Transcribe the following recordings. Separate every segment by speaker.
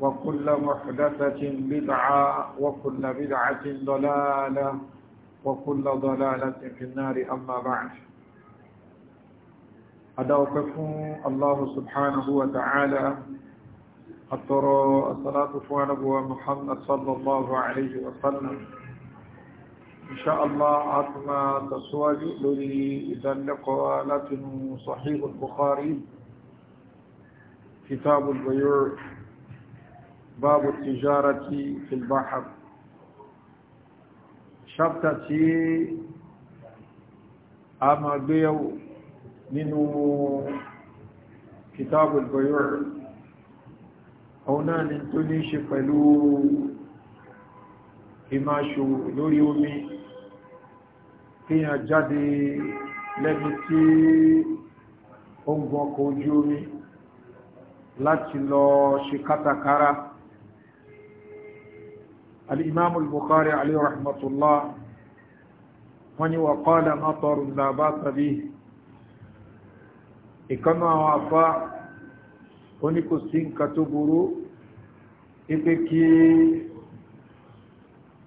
Speaker 1: وكل محدثة بدعة وكل بدعة ضلالة وكل ضلالة في النار أما بعد أدعوكم الله سبحانه وتعالى أترى الصلاة فوانبوى محمد صلى الله عليه وسلم إن شاء الله أتما تسواج لي إذا لقوالة صحيح البخاري كتاب البيوع باب التجارة في البحر شبتتي أما بيو منه كتاب البيوع هنا ننتني شفلو إماشو لوري أمي فيها جدي لمتي أمبوكو جومي láti lọ ṣe الإمام البخاري عليه رحمة الله من وقال مطر لا باس به إكما وفاء oníkò sí nǹkan tó burú ipé kí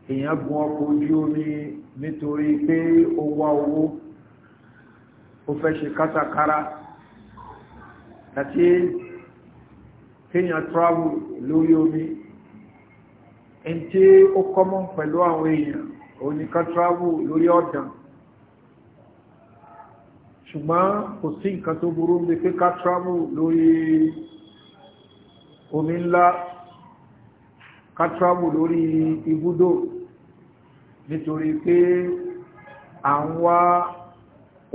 Speaker 1: èèyàn gun ọkọ̀ ojú omi nítorí pé ó wá owó ó fẹ́ ṣe kátàkárá àti kéèyàn travel lórí omi ẹni tí ó kọ́mọ́ pẹ̀lú àwọn èèyàn òun ni ká travel lórí ọ̀dàn ṣùgbọ́n kò sí nǹkan tó burú ń bí pé ká travel lórí omi ńlá ká travel lórí ibùdó nítorí pé à ń wá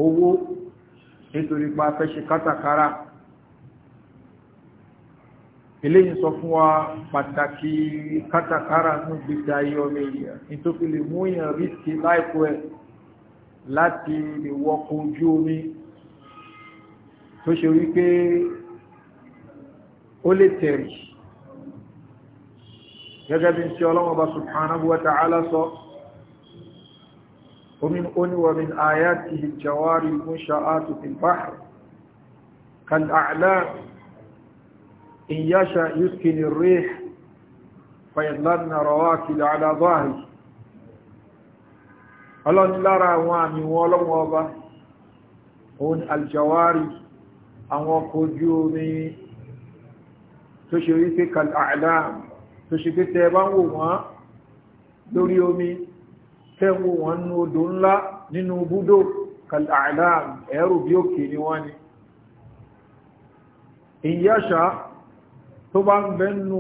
Speaker 1: owó nítorí pa fẹ́ ṣe kátàkárà eléyìn sọ fún wa pàtàkì kátàkárà ní gbèsè ayé ọmọ èèyàn nítorí lè mú èèyàn rísíkì láìpẹ́ láti lè wọkọ̀ ojú omi tó ṣe wípé ó lè tẹ̀rì gẹ́gẹ́ bí ṣe ọlọ́wọ́n bá subhanahu wa ta'ala sọ omin oníwà min ayatihi jawari mushaatu fil bahr kal a'lam إن يشأ يسكن الريح فيظللن رواكد على ظاهر ọlọ́ni lára àwọn àmì wọn ọlọ́wọ́ ọba òun aljawari àwọn ọkọ̀ ojú omi tó ṣe rí pé kal'adam tó ṣe pé tẹ́ẹ̀bá ń wò wọ́n lórí omi tẹ́ẹ̀wò wọ́n nú odò ńlá nínú búdó kal'adam ẹ̀rù bí òkè ni wọ́n ni ìyáṣà tó bá ń bẹ́nu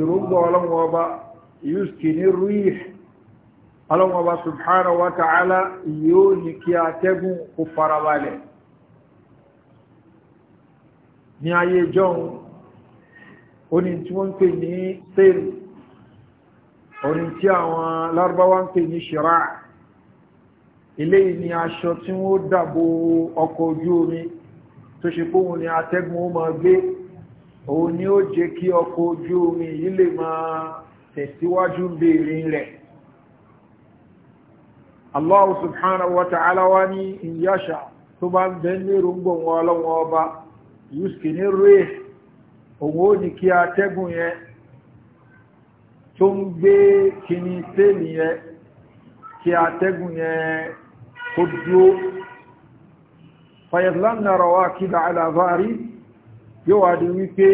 Speaker 1: èrògbà ọlọ́wọ́ ọba yuski ní ruih ọlọ́wọ́ ọba subhanahu wa ta'ala yóò ní kí atẹ́gùn kó farabalẹ̀ ní ayé jọun oní tí wọ́n ń pè ní sail oní tí àwọn lárúbáwá shira ilé ni aṣọ tí wọ́n dàbò ọkọ̀ ojú omi tó ṣe kóhun ni atẹ́gùn ó máa gbé òun ni o jẹ kí ọkọ̀ ojú omi yìí lè máa tẹ̀síwájú bèèrè rẹ̀. Allah subhanahu wa ta'ala wa ni in yasha to ba be ni rungbo won olohun oba yuski ni re ni ki ategun ye tun gbe kini se ni ye ki ategun ye ko du fa yalanna rawakid ala zari yóò wá di wípé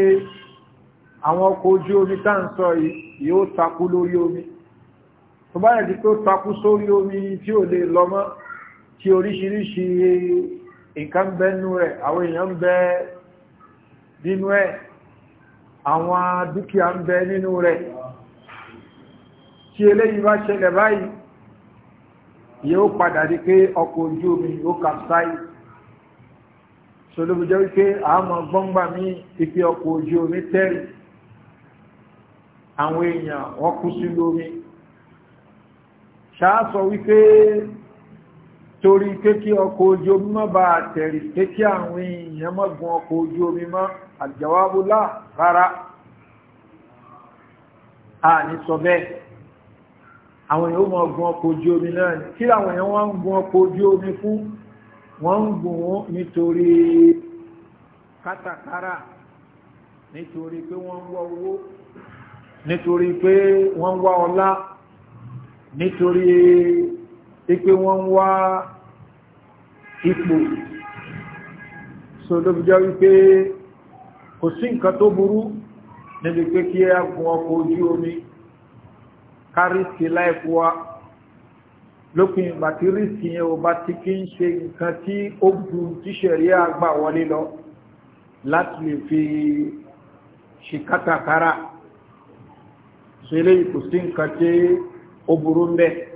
Speaker 1: àwọn ọkọ̀ ojú omi tá ń sọ yóò takú lórí omi tó bá yẹ̀ di pé ó takú sórí omi tí ò lè lọ mọ́ tí oríṣiríṣi nǹkan bẹ́nu rẹ̀ àwọn èèyàn bẹ nínú ẹ̀ àwọn dúkìá ń bẹ nínú rẹ̀ tí eléyìí bá ṣẹlẹ̀ báyìí yóò padà di pé ọkọ̀ ojú omi yóò capsize solóbi jẹ́ wípé àmọ́ gbọ́ngbà mí ipe ọkọ̀ ojú omi tẹ́rì àwọn èèyàn wọ́n kú sí lómi ṣáà sọ wípé torí kékí ọkọ̀ ojú omi mọ́ bá tẹ̀rì kékí àwọn èèyàn mọ́ gun ọkọ̀ ojú omi mọ́ àjẹwábúlá rárá a ní sọ bẹ́ẹ̀ àwọn èèyàn mọ́ gun ọkọ̀ ojú omi náà kí làwọn èèyàn wọ́n ń gun ọkọ̀ ojú omi fún wọ́n ń gùn ún nítorí kátàkárà nítorí pé wọ́n ń wá owó nítorí pé wọ́n ń wá ọlá nítorí pé wọ́n ń wá ipò sọdọ́bíjá wípé kò sí nǹkan tó burú níbi pé kí a gun ọkọ̀ ojú omi kárí sí láìpọ̀ wa lópin ìgbà tí rísì yẹn ò bá ti kí ń ṣe nǹkan tí ó bu tíṣẹ̀rí àgbà wọlé lọ láti lè fi ṣe kátàkárà ṣe lè kò sí nǹkan tí ó burú ń bẹ́ẹ̀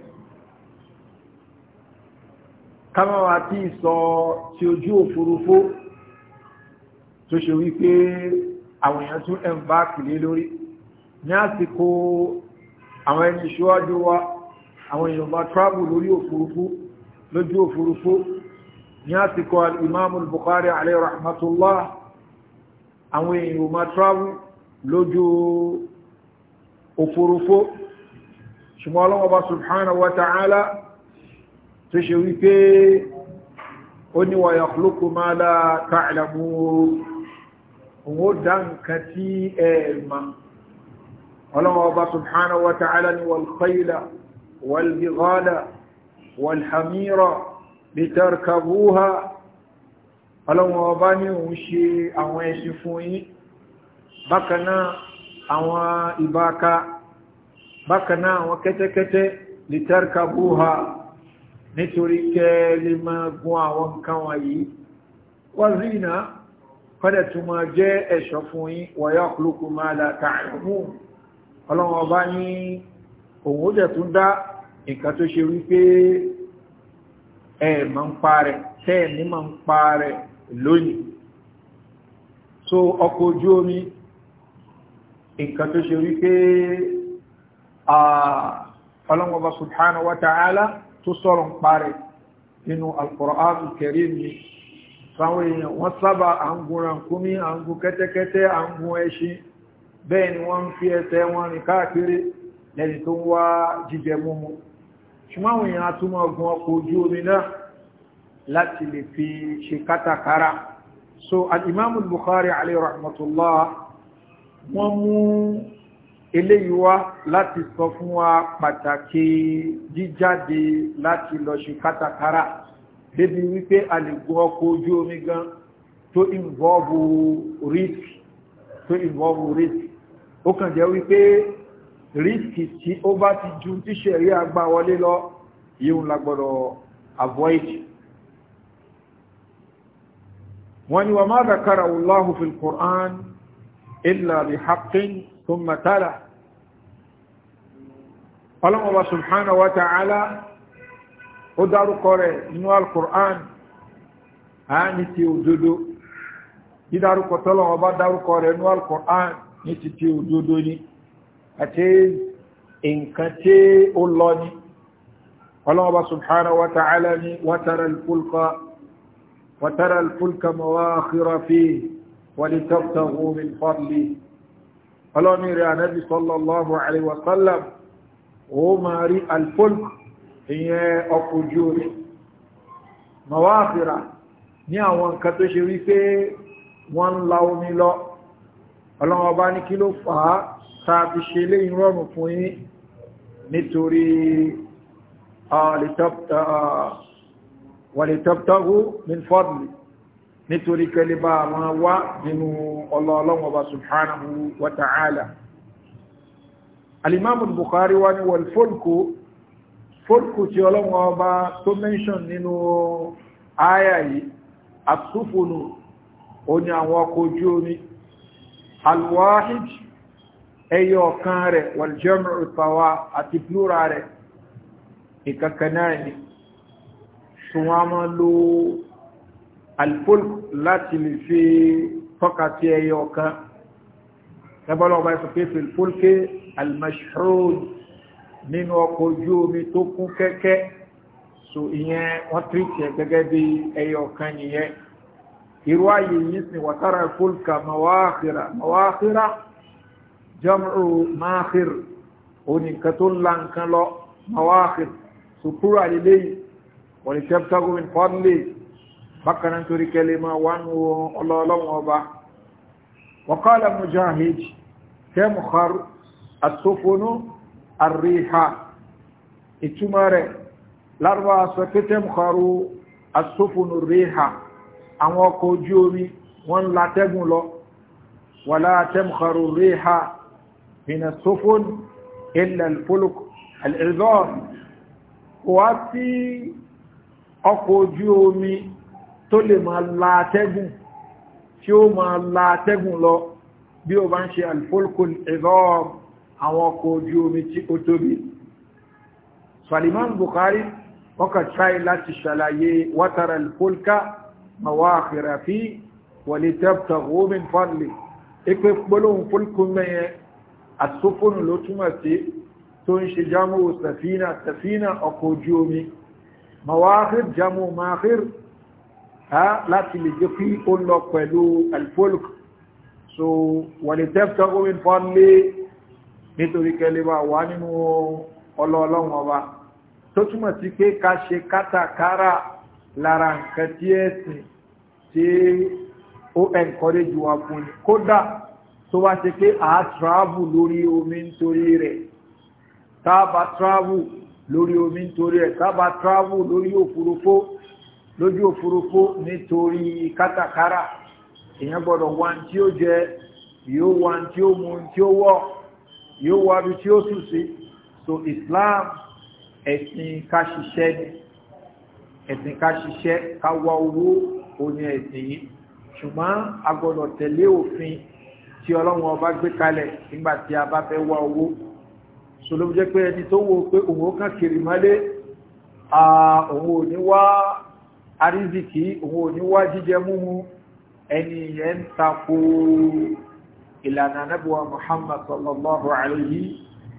Speaker 1: kámẹ́wà tí sọ tí ojú òfurufú tó ṣe wípé àwọn èèyàn tún ẹ̀mbá kìlé lórí ní àsìkò àwọn ẹni ṣíwájú wa àwọn èèyàn bá travel lórí òfurufú lójú òfurufú ní àsìkò al-imamu al-bukhari alayhi rahmatullah àwọn èèyàn bá travel lójú òfurufú ṣùgbọ́n ọlọ́wọ́ bá subhanahu wa ta'ala tó ṣe wípé ó ní wa yakhluqu ma la ta'lamun òun ó dá nǹkan ọlọ́wọ́ bá subhanahu wa ni wal khayla والبغال والحمير لتركبوها ọlọ́wọ́n ọba ní òun ṣe àwọn ẹṣin fún yín bákanáà àwọn ìbáka bákanáà àwọn kẹ́tẹ́kẹ́tẹ́ litarkabuha nítorí kẹ́ẹ̀lẹ́ máa gún àwọn nǹkan wọ̀nyí wọ́n zina kọ́dẹ̀ tó máa jẹ́ ẹ̀ṣọ́ fún yín wa yakhluqu ma la ta'lamun ọlọ́wọ́n ọba ní òun ó dẹ̀ tún dá nǹkan tó ṣe wípé ẹ mọ̀ ń pa rẹ̀ tẹ́ ní mọ̀ ń pa rẹ̀ lónìí so ọkọ̀ ojú omi nǹkan tó ṣe wípé ọlọ́mọba subhanahu wa ta'ala tó sọ̀rọ̀ ń pa rẹ̀ nínú al-Qur'an al-Karim ni sáwọn èèyàn wọ́n sábà à ń gun rànkúmí à ń gun kẹ́tẹ́kẹ́tẹ́ à ẹṣin bẹ́ẹ̀ ni wọ́n ń fi ẹsẹ̀ wọn rìn káàkiri lẹ́ni tó ń wá jíjẹ múmú ṣùgbọ́n àwọn èèyàn atúmọ̀ ọgbọ̀n ọkọ̀ ojú omi náà láti lè fi ṣe kátàkárà so al'imamu bukhari alayhi rahmatullah wọ́n mú eléyìí wá láti sọ fún wa pàtàkì jíjáde láti lọ ṣe kátàkárà débi wípé a lè gun ọkọ̀ ojú omi gan tó involve risk tó involve risk ó kàn jẹ́ wípé rísìkì tí ó bá ti ju tíṣẹ̀ rí agbá wọlé lọ yíò lágbọ́dọ̀ avoid wọ́n ni wà má dàkára wùláhù fi kùrán ilẹ̀ rí haqqin tó mẹ́tàlá ọlọ́mọba sùnhánà wa ta'ala ó dárúkọ rẹ̀ nínú alkùrán a ní ti òdodo dídárúkọ tọ́lọ́mọba dárúkọ rẹ̀ nínú alkùrán ní ti ti òdodo ni àti nǹkan tí ó lọ ní ọlọ́ọ̀bá subhanahu wa ta'ala ni wàtàrà alfulka mawakhira fi wàlítọ́tàwó min fadli ọlọ́ni rẹ̀ anábi sallallahu alaihi wasallam ó máa rí alfulk ìyẹn ọkọ̀ ojú omi mawakhira ní àwọn nǹkan tó ṣe wípé wọ́n ń la lọ ọlọ́ọ̀bá ní kí ló fàá sáàfi ṣe lé ìrọ̀rùn fún yí nítorí wàlítọ́ptáhù min fadli nítorí kẹlẹ̀bá àwọn wá nínú ọlọ́ọ̀lọ́wọ̀ bá subhanahu wa ta'ala alimamu Bukhari wá ní wal fólkù fólkù tí ọlọ́wọ̀ bá tó mẹ́ṣọ́n nínú ayayi asúfúnù ó ní àwọn ọkọ̀ omi alwahid ẹyọ ọ̀kan rẹ̀ wàlùjọ́mù ìpàwà àti plúra rẹ̀ ìkankan náà ni ṣùgbọ́n a máa lo alfolk láti lè fi tọ́ka sí ẹyọ ọ̀kan ẹgbọ́lọ́ ọba ẹ̀sùn pé fìlfólké almashrood nínú ọkọ̀ ojú omi tó kún kẹ́kẹ́ so ìyẹn wọ́n tírìtì ẹ̀ gẹ́gẹ́ bí ẹyọ ọ̀kan nìyẹn irú ààyè yìí sì wàtàrà fólkà mawáhìrà mawáhìrà jam'u makhir oni nǹkan tó ńlá nǹkan lọ mawakhir sukuru alilei wani tabtagu min fadli bakanan torí kelima wanu ọlọ́ọ̀lọ́wọ́ ọba wakala mujahid temukhar asufunu arriha ìtumọ̀ rẹ̀ larba sọ pé temukharu asufunu riha àwọn ọkọ̀ ojú omi wọ́n ń la tẹ́gùn lọ wàlá temukharu من السفن إلا الفلك العظام wá sí ọkọ̀ ojú omi tó lè máa la atẹ́gùn tí ó máa la atẹ́gùn lọ bí o bá ń ṣe alfolko ìzọ́ọ̀m àwọn ọkọ̀ ojú omi tí ó tóbi Salman Bukhari ọkà tráì láti ṣàlàyé wátara alfolka mawáhìràfí wàlítẹ́btà gómìn fadli ipé pọ́lóhun fólkún mẹ́yẹn asófónù ló túnmọ̀ sí tó ń ṣe jámù sàfínà sàfínà ọkọ̀ ojú omi mawahir jámù mahir láti lè jẹ́ kí ó lọ pẹ̀lú alfolk so wàlẹ̀ tẹ́fẹ́ omi fọ́nlé nítorí kẹlẹ́wà wà nínú ọlọ́ọlọ́run ọba tó túnmọ̀ sí pé ká ṣe kátàkárà lára nǹkan tí ẹ̀sìn tí ó encourage wa fún ni kódà tó wá ṣe pé a travel lórí omi nítorí rẹ̀ tábà travel lórí omi nítorí rẹ̀ tábà travel lórí òfurufú lójú òfurufú nítorí kátàkárà èèyàn gbọ́dọ̀ wá tí ó jẹ yóò wá tí ó mu tí ó wọ̀ yóò wá bí tí ó sùn sí so Islam ẹ̀sìn ká ṣiṣẹ́ ni ẹ̀sìn ká ṣiṣẹ́ ká wá owó òní ẹ̀sìn yìí ṣùgbọ́n a gbọ́dọ̀ tẹ̀lé òfin tí ọlọ́run ọba gbé kalẹ̀ nígbà tí a bá fẹ́ wá owó ṣòlò jẹ́ pé ẹni tó wo pé òun ó kàn kiri mọ́lé òun ò ní òun ò jíjẹ múmu ẹni yẹn ń tako ìlànà anábíwá muhammad sallallahu alayhi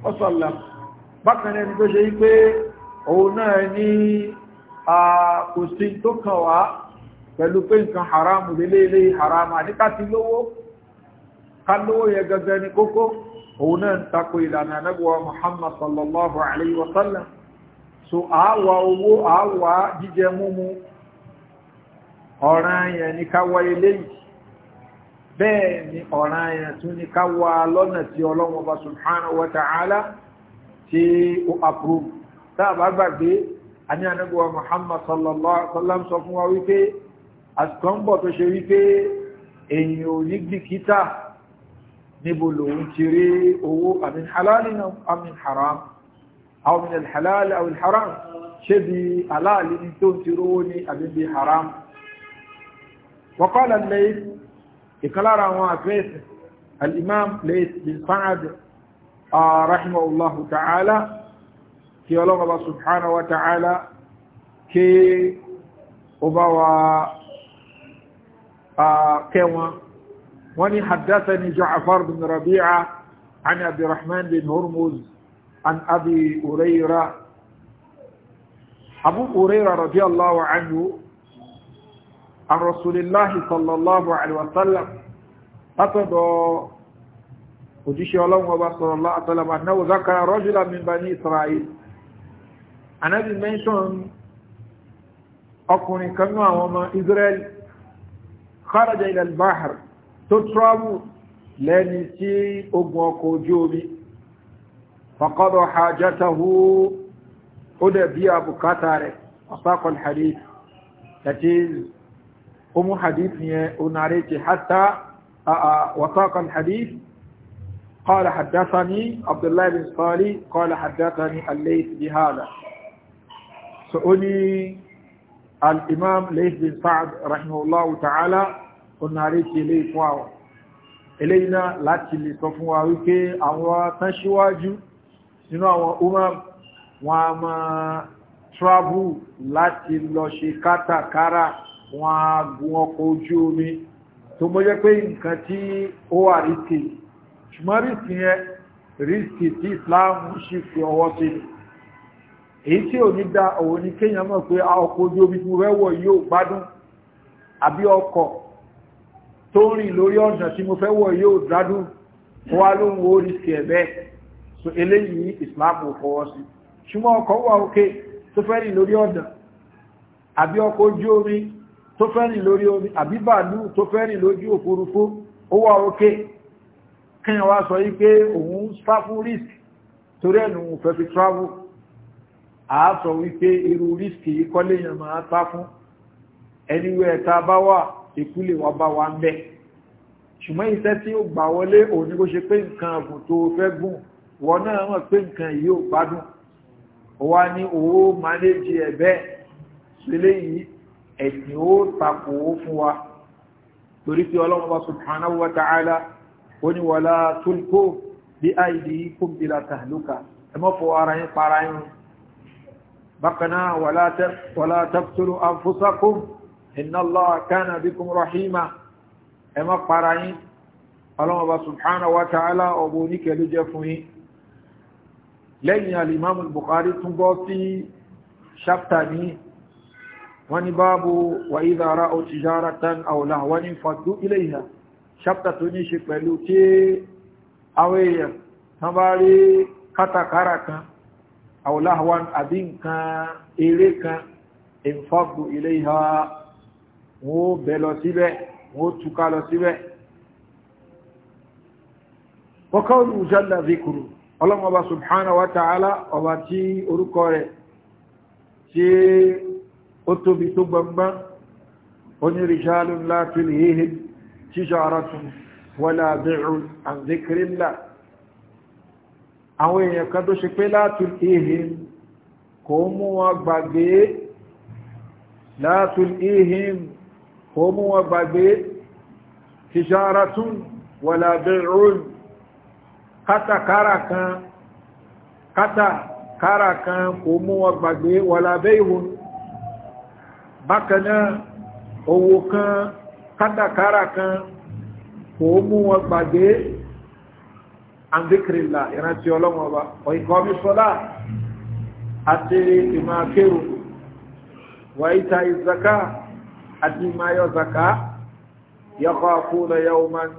Speaker 1: wa sallam bákan ẹni tó ṣe pé òun náà ní kò sí tó kàn kálówó yẹ gẹ́gẹ́ ní kókó òun náà ń takò ìlànà anábíwá muhammad sallallahu alayhi wa sallam so àáwá owó àáwá jíjẹ múmu ọ̀ràn yẹn ní káwá eléyìí bẹ́ẹ̀ ni ọ̀ràn yẹn tún ní káwá lọ́nà tí ọlọ́wọ́ bá subhanahu wa ta'ala tí ó approve táàbà gbàgbé àní anábíwá muhammad sallallahu alayhi wa sallam sọ fún wa wípé àtúkọ́ ń bọ̀ tó ṣe wípé èèyàn ò ní gbìkítà níbo lòun ti rí owó àmì halali na àmì haram àwọn min alhalali àwọn haram ṣe bí aláàlì ní tó ti rówó ní àbí bí haram wọ́kọ́lá lẹ́yìn ìkọlára àwọn àfẹ́ẹ̀sì al'imam lẹ́yìn bin sa'ad rahimahullahu ta'ala kí ọlọ́mọba subhanahu wa ta'ala kí ó bá wa kẹwọn وني حدثني جعفر بن ربيعة عن عبد الرحمن بن هرمز عن أبي هريرة أبو هريرة رضي الله عنه عن رسول الله صلى الله عليه وسلم أتدى وجيشي الله وبا صلى الله عليه وسلم أنه ذكر رجلا من بني إسرائيل أنا بمنشن أكون كنوا وما إسرائيل خرج إلى البحر tó travel lẹ́ni tí ogun ọkọ̀ ojú omi fàkọ́dọ̀ hajjátahú ó dẹ̀ bí àbùkátà rẹ̀ ọ̀sákọ̀l hadith that is hadith yẹn onare ti hatta وثاق الحديث قال حدثني عبد الله بن صالح قال حدثني الليث بهذا سؤالي الإمام ليث بن سعد رحمه الله تعالى ọ̀nà àríkì ilé ìfún àwọn eléyìí náà láti lè sọ fún wa wípé àwọn tán síwájú nínú àwọn umar wọn a máa travel láti lọ ṣe kátàkárà wọn a gun ọkọ̀ ojú omi tó mọ́ jẹ́ pé nǹkan tí ó wà ríkì ṣùgbọ́n ríkì yẹn ríkì tí Islam ṣì fi ọwọ́ sí èyí tí ò ní dá òun ní kéèyàn mọ̀ pé ọkọ̀ ojú omi tí mo fẹ́ wọ̀ yóò gbádùn àbí ọkọ̀ tó rìn lórí ọ̀nà tí mo fẹ́ wọ̀ yóò dádùn wá lóhun orí sí ẹ̀bẹ́ so eléyìí islam ò fọwọ́ sí ṣùgbọ́n ọkọ̀ wà òkè tó fẹ́ rìn lórí ọ̀nà àbí ọkọ̀ ojú omi tó fẹ́ rìn lórí omi àbí bàálù tó fẹ́ rìn lójú òfurufú ó wà òkè kíyàn wá sọ yí pé òun sá fún risk torí ẹ̀nù òun fẹ́ fi travel àá sọ wípé irú risk yìí kọ́léyàn máa sá fún anywhere tá a bá wà ikú lè wá bá wa ń bẹ́ ṣùgbọ́n iṣẹ́ tí ó gbà wọlé òní kó ṣe pé nǹkan ọ̀gùn tó fẹ́ gùn wọn náà mọ̀ pé nǹkan yìí ò gbádùn wá ní owó manéjì ẹ̀bẹ́ sílé yìí ẹ̀sìn ó takò ó fún wa torí pé ọlọ́run bá subhanahu wa ta'ala ó ní wọlá tulko bí àìdí kúmbìlà tàlùkà ẹ mọ́ fọ ara yín para yín bákan náà wọlá taqtulu anfusakum inna allaha kana bikum rahima ẹ má para yín ọlọ́mọba subhanahu wa ta'ala ọgbọ̀ oníkẹ̀lú jẹ́ fún yín lẹ́yìn alìmáàmù bukhari tún bọ́ sí ṣáptà ní wọ́n ní báàbù wà ìdára o tijaratan aw lahwan faddu ilayha ṣáptà tó ní ṣe pẹ̀lú tí àwọn èèyàn tán bá rí kátàkárà kan aw lahwan àbí nǹkan eré kan infaddu ilayha wọ́n ó bẹ lọ síbẹ̀ wọ́n ó túká lọ síbẹ̀ kọ́kọ́ olùjọ́lá zikuru ọlọ́mọba subhanahu wa ta'ala ọba tí orúkọ rẹ̀ tí ó tóbi tó gbọmgbọ́n onírìṣàlùn látìlì hìhìn tíṣà aratun wọ́lá bẹ̀rùn àzíkìrìlá àwọn èèyàn kan kò mú wọn gbàgbé tijaratun wala bi'un kátàkárà kan kátàkárà kan kò mú wọn gbàgbé wala bi'un bákanáà owó kan kátàkárà kan kò mú wọn gbàgbé àndíkìrìlà ìrántí ọlọ́wọ́ ọba ọ̀ìkọ́mí sọ́lá àti ìmọ̀ akérò wàíta ìzaka àti máa yọ zaka yakhafuna yawman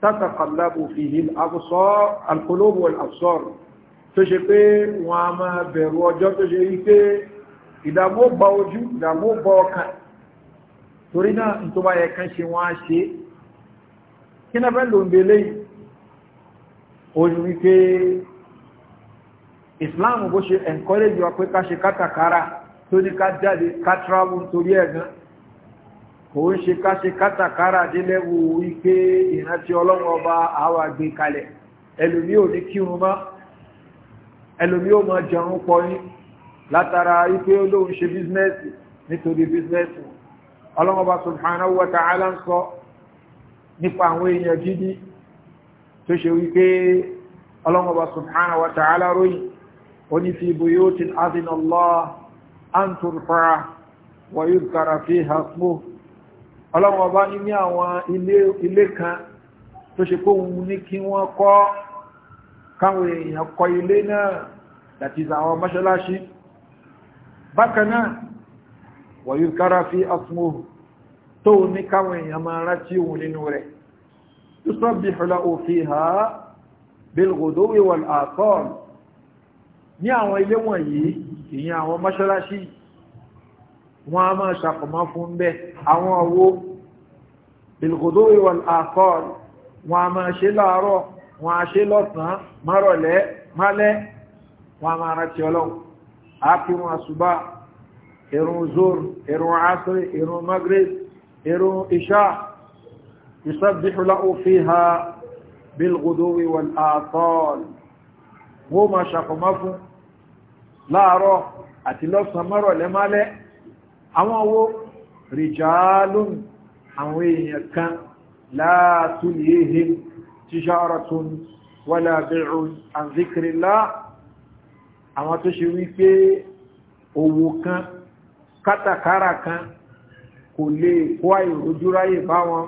Speaker 1: tataqallabu fihi al-absar al-qulub wal-absar tó ṣe pé wọ́n a máa bẹ̀rù ọjọ́ tó ṣe rí pé ìdàmú bá ojú ìdàmú bá ọkàn torí náà tó bá yẹ kán ṣe wọ́n á ṣe kí náà fẹ́ lò ń belé yìí wípé Islam bó ṣe encourage wa pé ká ṣe kátàkárà tó ní ká jáde ká travel torí ẹ̀gán kò ń ṣe ká ṣe kátàkárà délẹ́wò wípé ìrántí ọlọ́run ọba àwà gbé kalẹ̀ ẹlòmí ò ní kírun mọ́ ẹlòmí ò mọ jẹun pọ̀ yín látara wípé olóhùn ṣe bísínẹ́sì nítorí bísínẹ́sì ọlọ́run ọba subhanahu wa ta'ala ń sọ nípa àwọn èèyàn gidi tó ṣe wípé ọlọ́run ọba subhanahu wa ta'ala ròyìn onífi buyutin adhinallah an turfa wa yudhkara fiha ismuhu ọlọ́run ọba ní ní àwọn ilé kan tó ṣe pé òun ní kí wọ́n kọ́ káwọn èèyàn kọ ilé náà láti àwọn mọ́ṣáláṣí bákan náà wọ̀nyí kára fi asmuhu tó ní káwọn èèyàn máa rántí òun nínú rẹ̀ tó àwọn ilé wọ̀nyí ìyẹn àwọn mọ́ṣáláṣí wọ́n á máa ṣàkọ̀mọ́ fún bẹ́ àwọn owó ìlúkòdó ìwọ̀n àkọ́ọ̀l wọ́n á máa ṣe láàárọ̀ wọ́n á ṣe lọ́sàn-án márọ̀lẹ́ málẹ́ wọ́n á máa rántí ọlọ́run àfi wọn àṣùbà ìrun zor ìrun asiri ìrun magrib ìrun isha ìsọ́bìṣù láòfin ha bílgòdó ìwọ̀n àkọ́ọ̀l wọ́n máa ṣàkọ̀mọ́ fún láàárọ̀ àti lọ́sàn-án márọ̀lẹ́ àwọn owó rìjálùn àwọn èèyàn kan látúlìéhìn tíṣàrọ̀tún wọ́lá bẹ̀rún àzíkìrìlá àwọn tó ṣe wípé owó kan kátàkárà kan kò lè kó àìrójúráyè bá wọn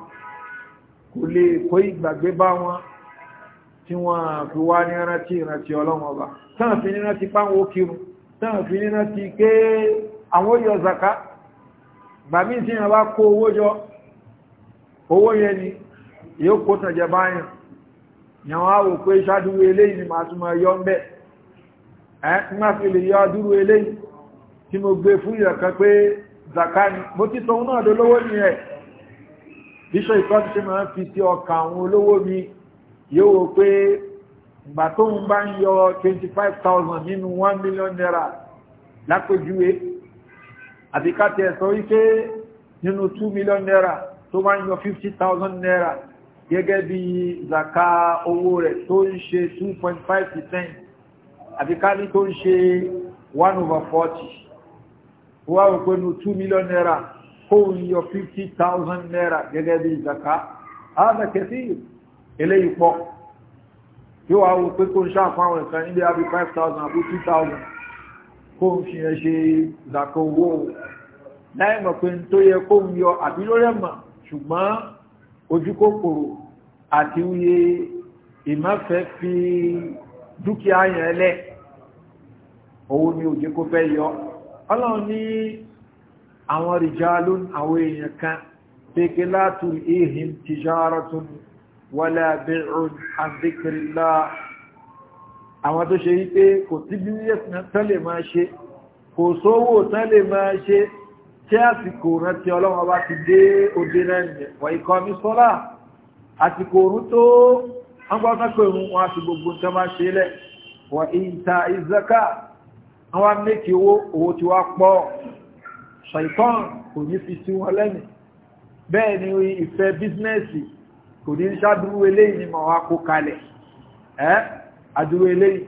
Speaker 1: kò lè kó ìgbàgbé bá wọn tí wọ́n fi wá ní rántí ìrántí ọlọ́run ọba tán àwọn ó yọ gbàmí tí yàn bá kó owó jọ owó yẹn ni yóò kó tànjẹ báyàn yàn wá wò pé ṣáàdúró eléyìí ni màá tún máa yọ ń bẹ̀ ẹ́ tí má fi lè yọ dúró eléyìí tí mo gbé fún ìyọ̀kan pé zaka ni mo ti tọ́hún náà dolówó ní ẹ̀ bíṣọ́ ìtọ́jú ṣe máa ń fi ti ọkà àwọn olówó mi yóò wò pé ìgbà tóun bá ń yọ 25,000 nínú 1 million naira lápèjúwe àti káti ẹ̀sọ́ wípé nínú 2 million naira tó máa ń yọ 50,000 naira gẹ́gẹ́ bí zaka owó rẹ̀ tó ń ṣe 2.5% àti káti tó ń ṣe 1 over 40 wọ́n wọ́n pẹ̀lú 2 million naira kó ń yọ 50,000 naira gẹ́gẹ́ bí zaka ààbẹ̀ kẹsí eléyìí pọ̀ yóò wá wọ́n pé kó ń ṣàfáwọn ẹ̀sán níbi àbí 5,000 àbí 2,000 kó ń fi yẹn ṣe ìdàkan owó láìmọ̀ pé tó yẹ kó ń yọ àbí lórí ẹ̀mọ̀ ṣùgbọ́n ojú kòkòrò àti iye ìmọ̀fẹ́ fi dúkìá yẹn lẹ̀ owó ni òjé kó fẹ́ yọ ọlọ́run ní àwọn rìjálún àwọn èèyàn kan pèkè látù ihim tìjáratun wala bi'un an dhikrillah àwọn tó ṣe wípé kò sí bíníyẹ̀sì tán lè máa ṣe kò sówó tán lè máa ṣe tí àsìkò rántí ọlọ́wọ́ bá ti dé òde náà nìyẹn wà ikọ̀ mi sọ́lá àsìkò òrùn tó wọ́n gbọ́ fẹ́ pé òun wọn àti ìfẹ́ bísínẹ́sì kò ní ṣáàdúró eléyìí ni wá kó kalẹ̀ ẹ́ àdúró eléyìí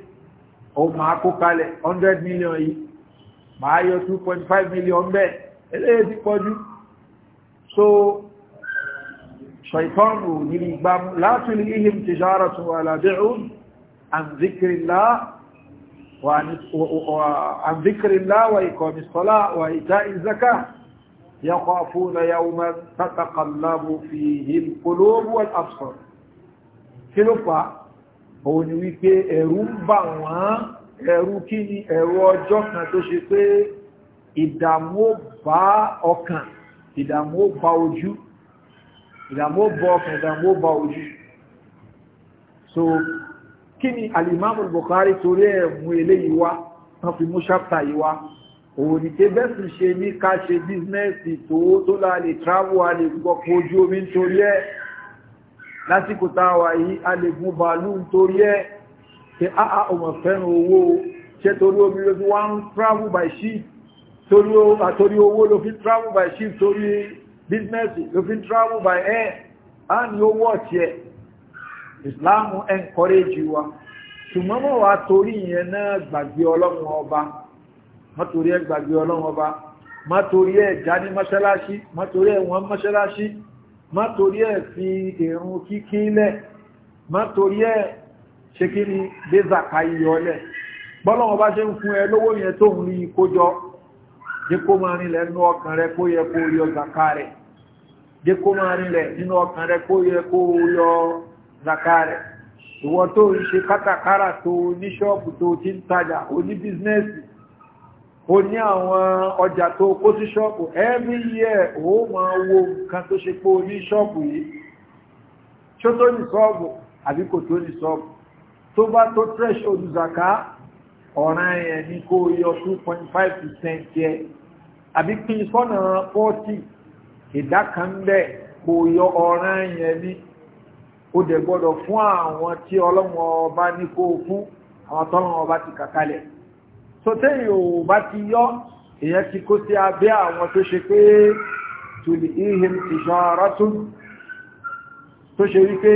Speaker 1: òun máa kó kalẹ̀ 100 million yìí máa yọ 2.5 million bẹ́ẹ̀ eléyìí ti pọ̀jú so ṣaitọ́nù nílì ìgbàmù látìlì ihim ti ṣára tún wà lábẹ́rún àǹzíkìrìlá wà ìkọ̀mìsọ́lá wà ìta ìzaka يخافون يوما تتقلب فيه القلوب والأبصر كلفة òun ni wípé ẹ̀rù ń bà wọ́n ẹ̀rù kí ni ẹ̀rù ọjọ́ kan tó ṣe pé ìdààmú bá ọkàn ìdààmú bá ojú ìdààmú bá ọkàn ìdààmú bá ojú so kí ni alimami Bukhari torí ẹ̀ mú eléyìí wá wọ́n fi mú ṣáptà yìí wá òun ni pé bẹ́ẹ̀ sì ṣe ní ká ṣe bísínẹ́sì tó tó láà travel a lè ojú omi nítorí ẹ̀ lásìkò táwà yìí a lè gun bàálù torí ẹ́ a ah, a ah, ọmọ fẹ́ràn owó ṣe torí omi ló fi wọ́n travel by ship torí owó ló fi travel by ship torí business ló fi travel by air a ní owó ọ̀tí ẹ̀ Islam encourage wa ṣùgbọ́n mọ̀ wá torí ìyẹn náà gbàgbé ọlọ́run ọba má torí ẹ gbàgbé ọlọ́run ọba má torí ẹ já mọ́ṣáláṣí má torí wọ́n mọ́ṣáláṣí má torí ẹ̀ fi èrún kíkí lẹ̀ má torí ẹ̀ ṣe kí ni dézàkà iyọlẹ̀ bọ́lọ́wọ́ bá ṣe ń fún ẹ lówó yẹn tó ń rí kójọ jẹ́ kó máa rinlẹ̀ nínú ọkàn rẹ kó yẹ kó yọ zàkà rẹ̀ jẹ́ kó máa rinlẹ̀ nínú ọkàn rẹ kó yẹ kó yọ zàkà rẹ̀ ìwọ tó ń ṣe kátàkárà tó ní tó ti ń tajà oní bísínẹ́sì o ní àwọn ọjà tó kó sí ṣọ́pù every year o máa wo nǹkan tó ṣe pé o ní ṣọ́pù yìí ṣó tó ní sọ́ọ̀bù àbí kò tó ní sọ́ọ̀bù tó bá tó fresh olùzàká ọ̀ràn ẹ̀ ní kó yọ 2.5 percent yẹ àbí pín sọ́nà 40 ìdá kan bẹ́ẹ̀ kò yọ ọ̀ràn ẹ̀ ní ó dẹ̀ gbọ́dọ̀ fún àwọn tí ọlọ́wọ́n ọba ní kó fún àwọn tọ́lọ́wọ́n ọba ti kàkalẹ̀ so téèyàn ò bá ti yọ èyàn ti kó sí abẹ́ àwọn tó ṣe pé tùlì ihim ti ṣan ara tún tó ṣe wípé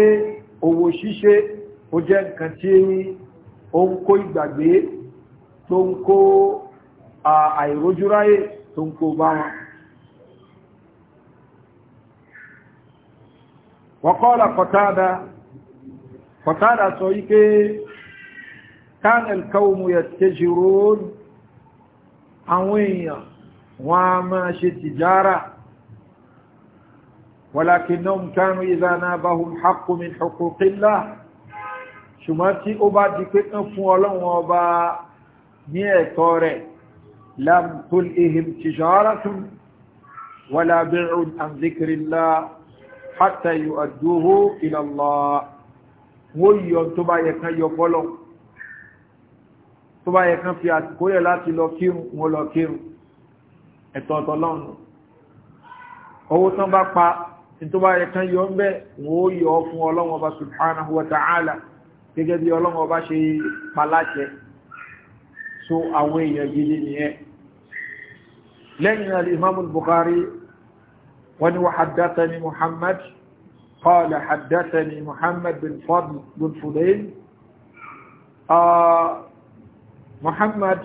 Speaker 1: òwò ṣíṣe ó jẹ́ nǹkan tí ó ń kó ìgbàgbé tó ń kó àìrójúráyè tó ń kó bá wọn wọ́n kọ́ kọ̀tádà sọ wípé كان الكوم يتجرون عوية وماشي تجارة ولكنهم كانوا إذا نابهم حق من حقوق الله شماتي أبادي كتن فولن وبا نيكوري لم تلئهم تجارة ولا بيع عن ذكر الله حتى يؤدوه إلى الله ويون تبا يكن يقولون tó bá yẹ kán fi àsìkò yẹ láti lọ kírun wọn lọ kírun ẹ̀tọ́ ọ̀tọ̀ lọ́nà owó tán bá pa tó bá yẹ kán yọ ń bẹ́ wọn ó yọ fún ọlọ́wọ́n ọba subhanahu wa ta'ala gẹ́gẹ́ bí ọlọ́wọ́n ọba ṣe paláṣẹ so àwọn èèyàn gidi nìyẹn lẹ́yìn al-imam al wọ́n ni wa haddathani muhammad قال حدثني محمد بن فضل بن فضيل آه محمد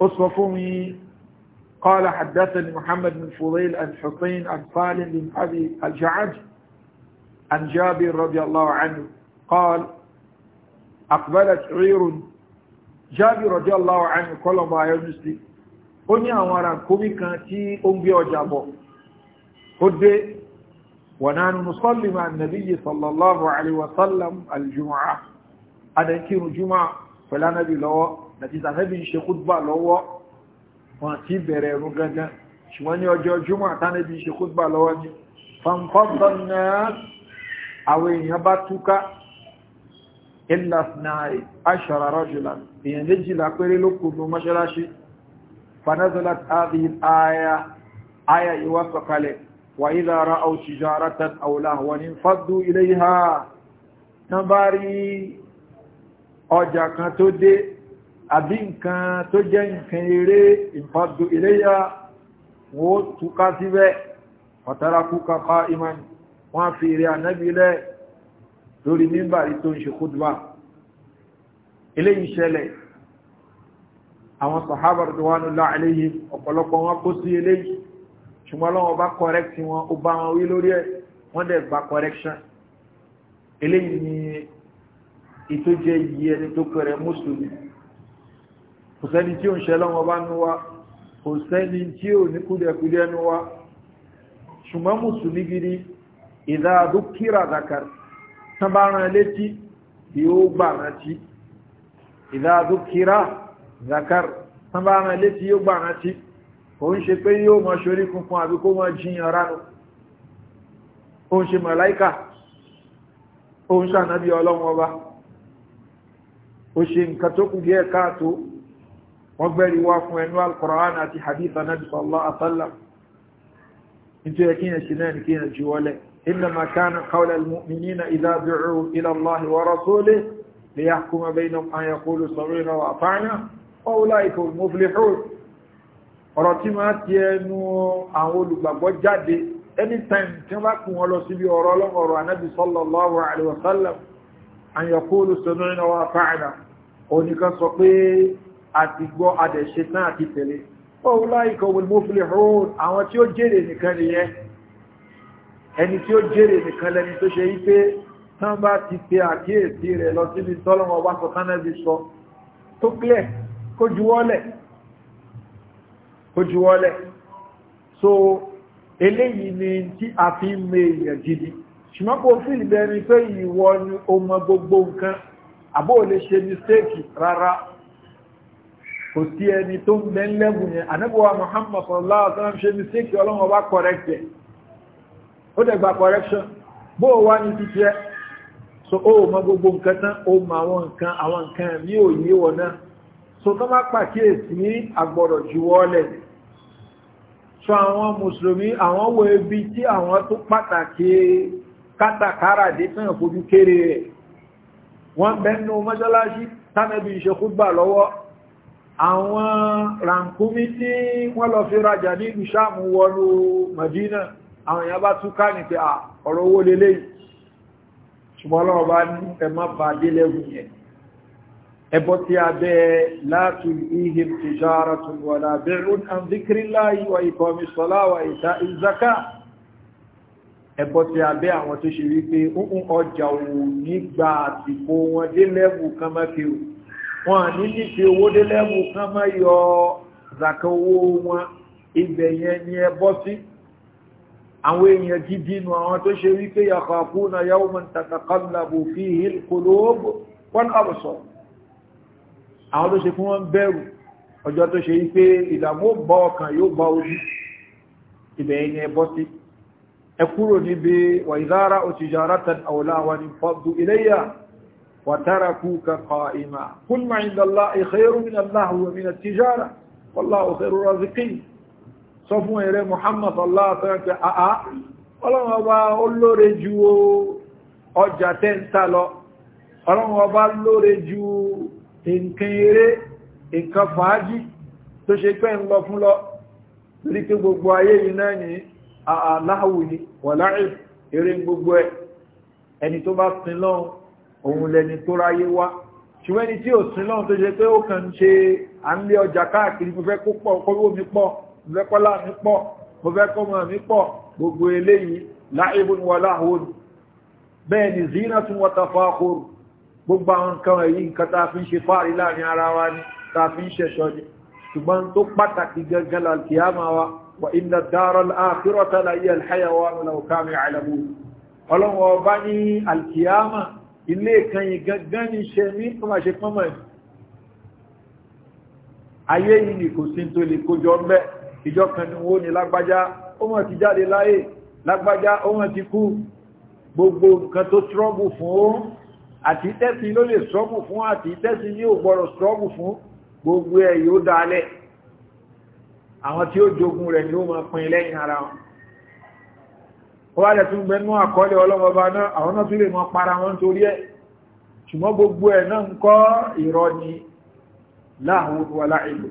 Speaker 1: أصفوني قال حدثني محمد بن فضيل الحطين حسين عن سالم بن أبي الجعد أن جابر رضي الله عنه قال أقبلت عير جابر رضي الله عنه قال ما يجلسي أني أمرا كمي كانتي أمبي وجابه هدي ونحن نصلي مع النبي صلى الله عليه وسلم الجمعة أنا كير جمعة pẹ̀lú anábì lọ́wọ́ àti ìsànẹ́bì ń ṣe kúdùbà lọ́wọ́ wọn ti bẹ̀rẹ̀ ẹ̀rùn gangan ṣùgbọ́n ní ọjọ́ jùmọ̀ àtànẹ́bì ń ṣe kúdùbà lọ́wọ́ ni fanfọ́nà àwọn èèyàn bá túká ìlàsìnàì aṣọ́ra rọ́jùlá èèyàn méjìlá péré ló kù ló mọ́ṣáláṣí fanazalat adil aya ọjà kan tó dé àbí nǹkan tó jẹ́ nǹkan eré ìfàdù iléyà wọ́n túká síbẹ̀ ọ̀tàràkú kàkà iman wọ́n fi rí ànábílẹ̀ lórí mímbàrí tó ń ṣe kúdùbà eléyìí ṣẹlẹ̀ àwọn sàhábàrù tó wà nílá eléyìí ọ̀pọ̀lọpọ̀ wọn kó sí eléyìí ṣùgbọ́n lọ́wọ́ bá ètò jẹ́ yí ẹni tó pẹ̀rẹ̀ mùsùlùmí kò sẹ́ni tí ó ń ṣẹlọ́ wọn bá nú wa kò sẹ́ni tí ó ní kúdẹ̀kúdẹ̀ nú wa ṣùgbọ́n mùsùlùmí gidi ìdáàdó kíra zakar tán bá rán létí yóò gbà rántí ìdáàdó kíra zakar tán bá rán létí yóò gbà rántí kò ń ṣe pé yóò mọ ṣorí funfun àbí kó mọ jiyàn ránu ó ń ṣe màláìkà ó ń ṣànábí ọlọ́run ọba ó ṣe nǹkan tó kù díẹ̀ káàtó wọ́n gbẹ́rí wá fún ẹnu alkùnrán àti hadith anabi sallallahu alaihi wasallam nítorí kí yẹn ṣe náà ní kí yẹn ju wọlé إنما كان قول المؤمنين إذا دعوا إلى الله ورسوله ليحكم بينهم أن يقولوا سمعنا وأطعنا وأولئك المفلحون ọ̀rọ̀ tí an yakulu sami'na wa ata'na oníkan sọ pé àti gbọ́ adẹ̀ṣe tán àti tẹ̀lé ọ̀láìkọ̀ wùlmọ́fìlìhún àwọn tí ó jèrè nìkan nìyẹn ẹni tí ó jèrè nìkan lẹni tó ṣe yí pé tán bá ti pe àkíyèsí rẹ̀ lọ síbi tọ́lọ́mọ bá sọ kánẹ́bí sọ tó pẹ́ kó so eléyìí ni tí a fi ń mẹ èèyàn gidi ṣùgbọ́n kò fi ìbẹ̀rin pé ìwọ ni o mọ gbogbo nǹkan àbó lè ṣe mistake rárá kò sí ẹni tó ń bẹ́ lẹ́bùn yẹn ànábọ̀wá Muhammad sallallahu alaihi wasallam ṣe mistake ọlọ́run ọba correct ẹ̀ ó dẹ̀ gba correction bó o wá ní títí ẹ so ó mọ gbogbo nǹkan tán ó mọ àwọn nǹkan àwọn nǹkan ní òye wọn náà so tó má pàkíyèsí àgbọ̀rọ̀ juwọ́lẹ̀ ni so àwọn mùsùlùmí àwọn wo ibi tí àwọn tó pàtàkì kátàkárà dé tán fojú kéré rẹ̀ wọ́n bẹnu mọ́ṣálásí tánàbí ìṣẹ́kúgbà lọ́wọ́ àwọn ràǹkúmí tí wọ́n lọ fi rajà ní ìlú sáàmù wọlú madina àwọn èèyàn bá túká ní pé ọ̀rọ̀ owó lélẹ̀ ṣùgbọ́n lọ́wọ́ bá ní ẹmọ́ bá délẹ́gùn yẹn ẹbọ́ tí a bẹ́ látù ihim tìjára tún ìta ìzaka ẹ̀bọ́ ti abẹ́ àwọn tó ṣe wípé ń ọjà òun nígbà àsìkò wọn dé lẹ́bù kan máa fi o wọn à ní nífẹ̀ẹ́ owó dé lẹ́bù kan máa yọ zàkà owó wọn ibẹ̀ yẹn ni ẹbọ́ sí àwọn èèyàn gidi nu àwọn tó ṣe wípé yakhafuna yawman tataqallabu fihi al-qulub wal absar àwọn tó ṣe fún wọn bẹ̀rù ọjọ́ tó ṣe wípé ìdààmú bá ọkàn yóò bá ojú ibẹ̀ yẹn ni ẹbọ́ sí ẹkúrò níbi wà ìzára o ti jaratan àwòláwà ní fọ́dù iléyà wà tára kú kàkà ìmá kún ma ń dàlá ìkhairu min aláhùwà min tijara wọ́lá òkhairu raziki sọ fún ẹ̀rẹ́ muhammad aláàtọ́rẹ́kẹ́ àá ọlọ́wọ́ bá lóore ju ọjà tẹ́ǹtà lọ ọlọ́wọ́ bá lóore tó ṣe pẹ́ ń lọ fún lọ torí pé gbogbo ayé yìí náà nìyí àà láhàwù ni wàláì eré gbogbo ẹ̀ ẹni tó bá sin lọ́hùn òun lẹni tó ráyé wá ṣùgbọ́n ẹni tí ò sin lọ́hùn tó ṣe pé ó kàn ń ṣe à ń lé ọjà káàkiri mo fẹ́ kó pọ̀ kówó mi pọ̀ mo fẹ́ kọ́lá mi ṣùgbọ́n tó pàtàkì gangan làlùkìyàmá wa وإن الدار الآخرة لهي الحيوان لو كانوا يعلمون ọlọ́run ọba ní alkiyama ilé ìkanyìn gangan ní ṣe ní ọmọ ṣe pọ́mọ̀ ẹ̀ ayé yìí ni kò sí tó lè kójọ mẹ́ ìjọ kan ní wó ní lágbájá ọmọ ti jáde láyé lágbájá ọmọ ti kú gbogbo nǹkan tó strọ́gù fún ó àti tẹ́sí ló lè strọ́gù fún àti tẹ́sí ní ò gbọ́rọ̀ strọ́gù fún gbogbo ẹ̀ yóò dálẹ̀ àwọn tí ó jogun rẹ̀ ni ó máa pin lẹ́yìn ara wọn ó wá lẹ̀ tún gbẹnú àkọọ́lẹ̀ ọlọ́mọba náà àwọn náà tún lè mọ para wọn torí ẹ̀ ṣùgbọ́n gbogbo ẹ̀ náà ń kọ́ ìrọ́ ni láàrùn wà láìlò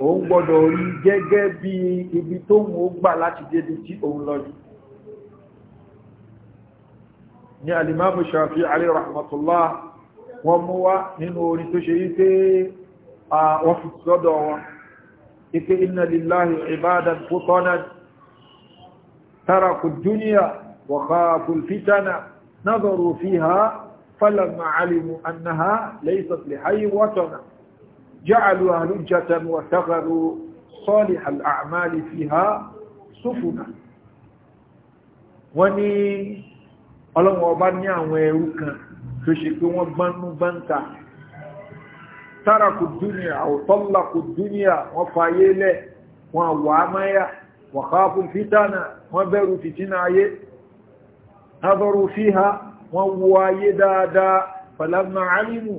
Speaker 1: òun gbọ́dọ̀ rí gẹ́gẹ́ bí ibi tó ń gbà láti débi tí òun lọ ní alimamu shafi alayhi rahmatullah wọ́n mú wá nínú orin tó ṣe wípé wọ́n fi sọ́dọ̀ wọn ike inna lillahi ibadan futonan taraku duniya wa khafu fitana نظروا فيها فلما علموا أنها ليست لحي وطنا جعلوا هلجة وثغروا صالح الأعمال فيها سفنا وني ọlọ́wọ́ ọba ní àwọn ẹrú kan tó ṣe pé wọ́n gbánú báńtà tára kò dúnìyà àwòtọ́lá kò dúnìyà wọ́n fàyé lẹ̀ wọ́n wà á máyà wọ́n ká fún fítánà wọ́n bẹ̀rù fìtínà ayé hádọ́rù fíha wọ́n wo ayé dáadáa falamma alimu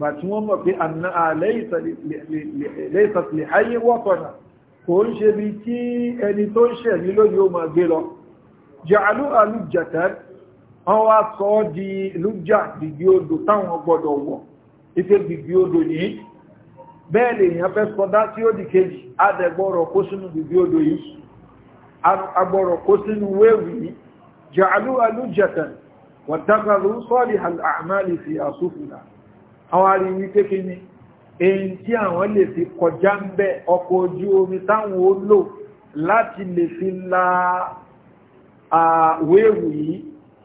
Speaker 1: bá tí wọ́n mọ̀ pé àná àlẹ́ìsàtìlẹ̀ ayé wọ́tọ̀nà wọ́n sọ ọ́ di lújà dìgbì odò táwọn gbọ́dọ̀ wọ̀ ife dìgbì odò yìí bẹ́ẹ̀ lè yàn fẹ́ sọdá tí ó di kejì adẹ̀gbọ́rọ̀ kó sínú dìgbì odò yìí agbọ́rọ̀ kó sínú wéèwì yìí jàálù alújẹ̀tàn wàtàkàrù sọ́ọ̀lì àmàlì fi àsúfùnà àwọn arí wípé ni èyí tí àwọn lè fi kọjá ń bẹ́ ọkọ̀ ojú omi táwọn ó lò láti lè fi la wéèwì yìí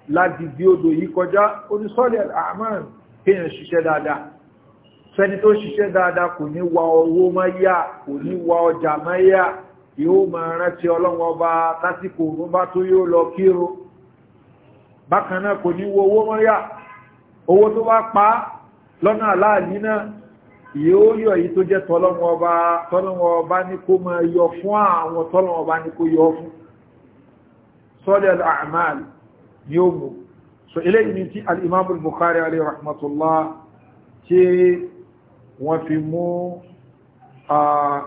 Speaker 1: láti bí odò yìí kọjá onísọ́lẹ̀ àmàn kéèyàn ṣiṣẹ́ dáadáa fẹ́ni tó ṣiṣẹ́ dáadáa kò ní wa owó máyà kò ní wa ọjà máyà yóò máa rántí ọlọ́wọ́ bá tásìkò òun bá tó yóò lọ kírun bákan náà kò ní wo owó máyà owó tó bá pa lọ́nà aláàlí náà yóò yọ èyí tó jẹ́ tọ́lọ́wọ́ bá tọ́lọ́wọ́ bá ní kó máa yọ fún àwọn tọ́lọ́wọ́ bá ní kó yọ fún sọ́lẹ̀ àmàlì yóò so eléyìí ni tí al'imamul bukhari alayhi rahmatullah tí wọ́n fi mú a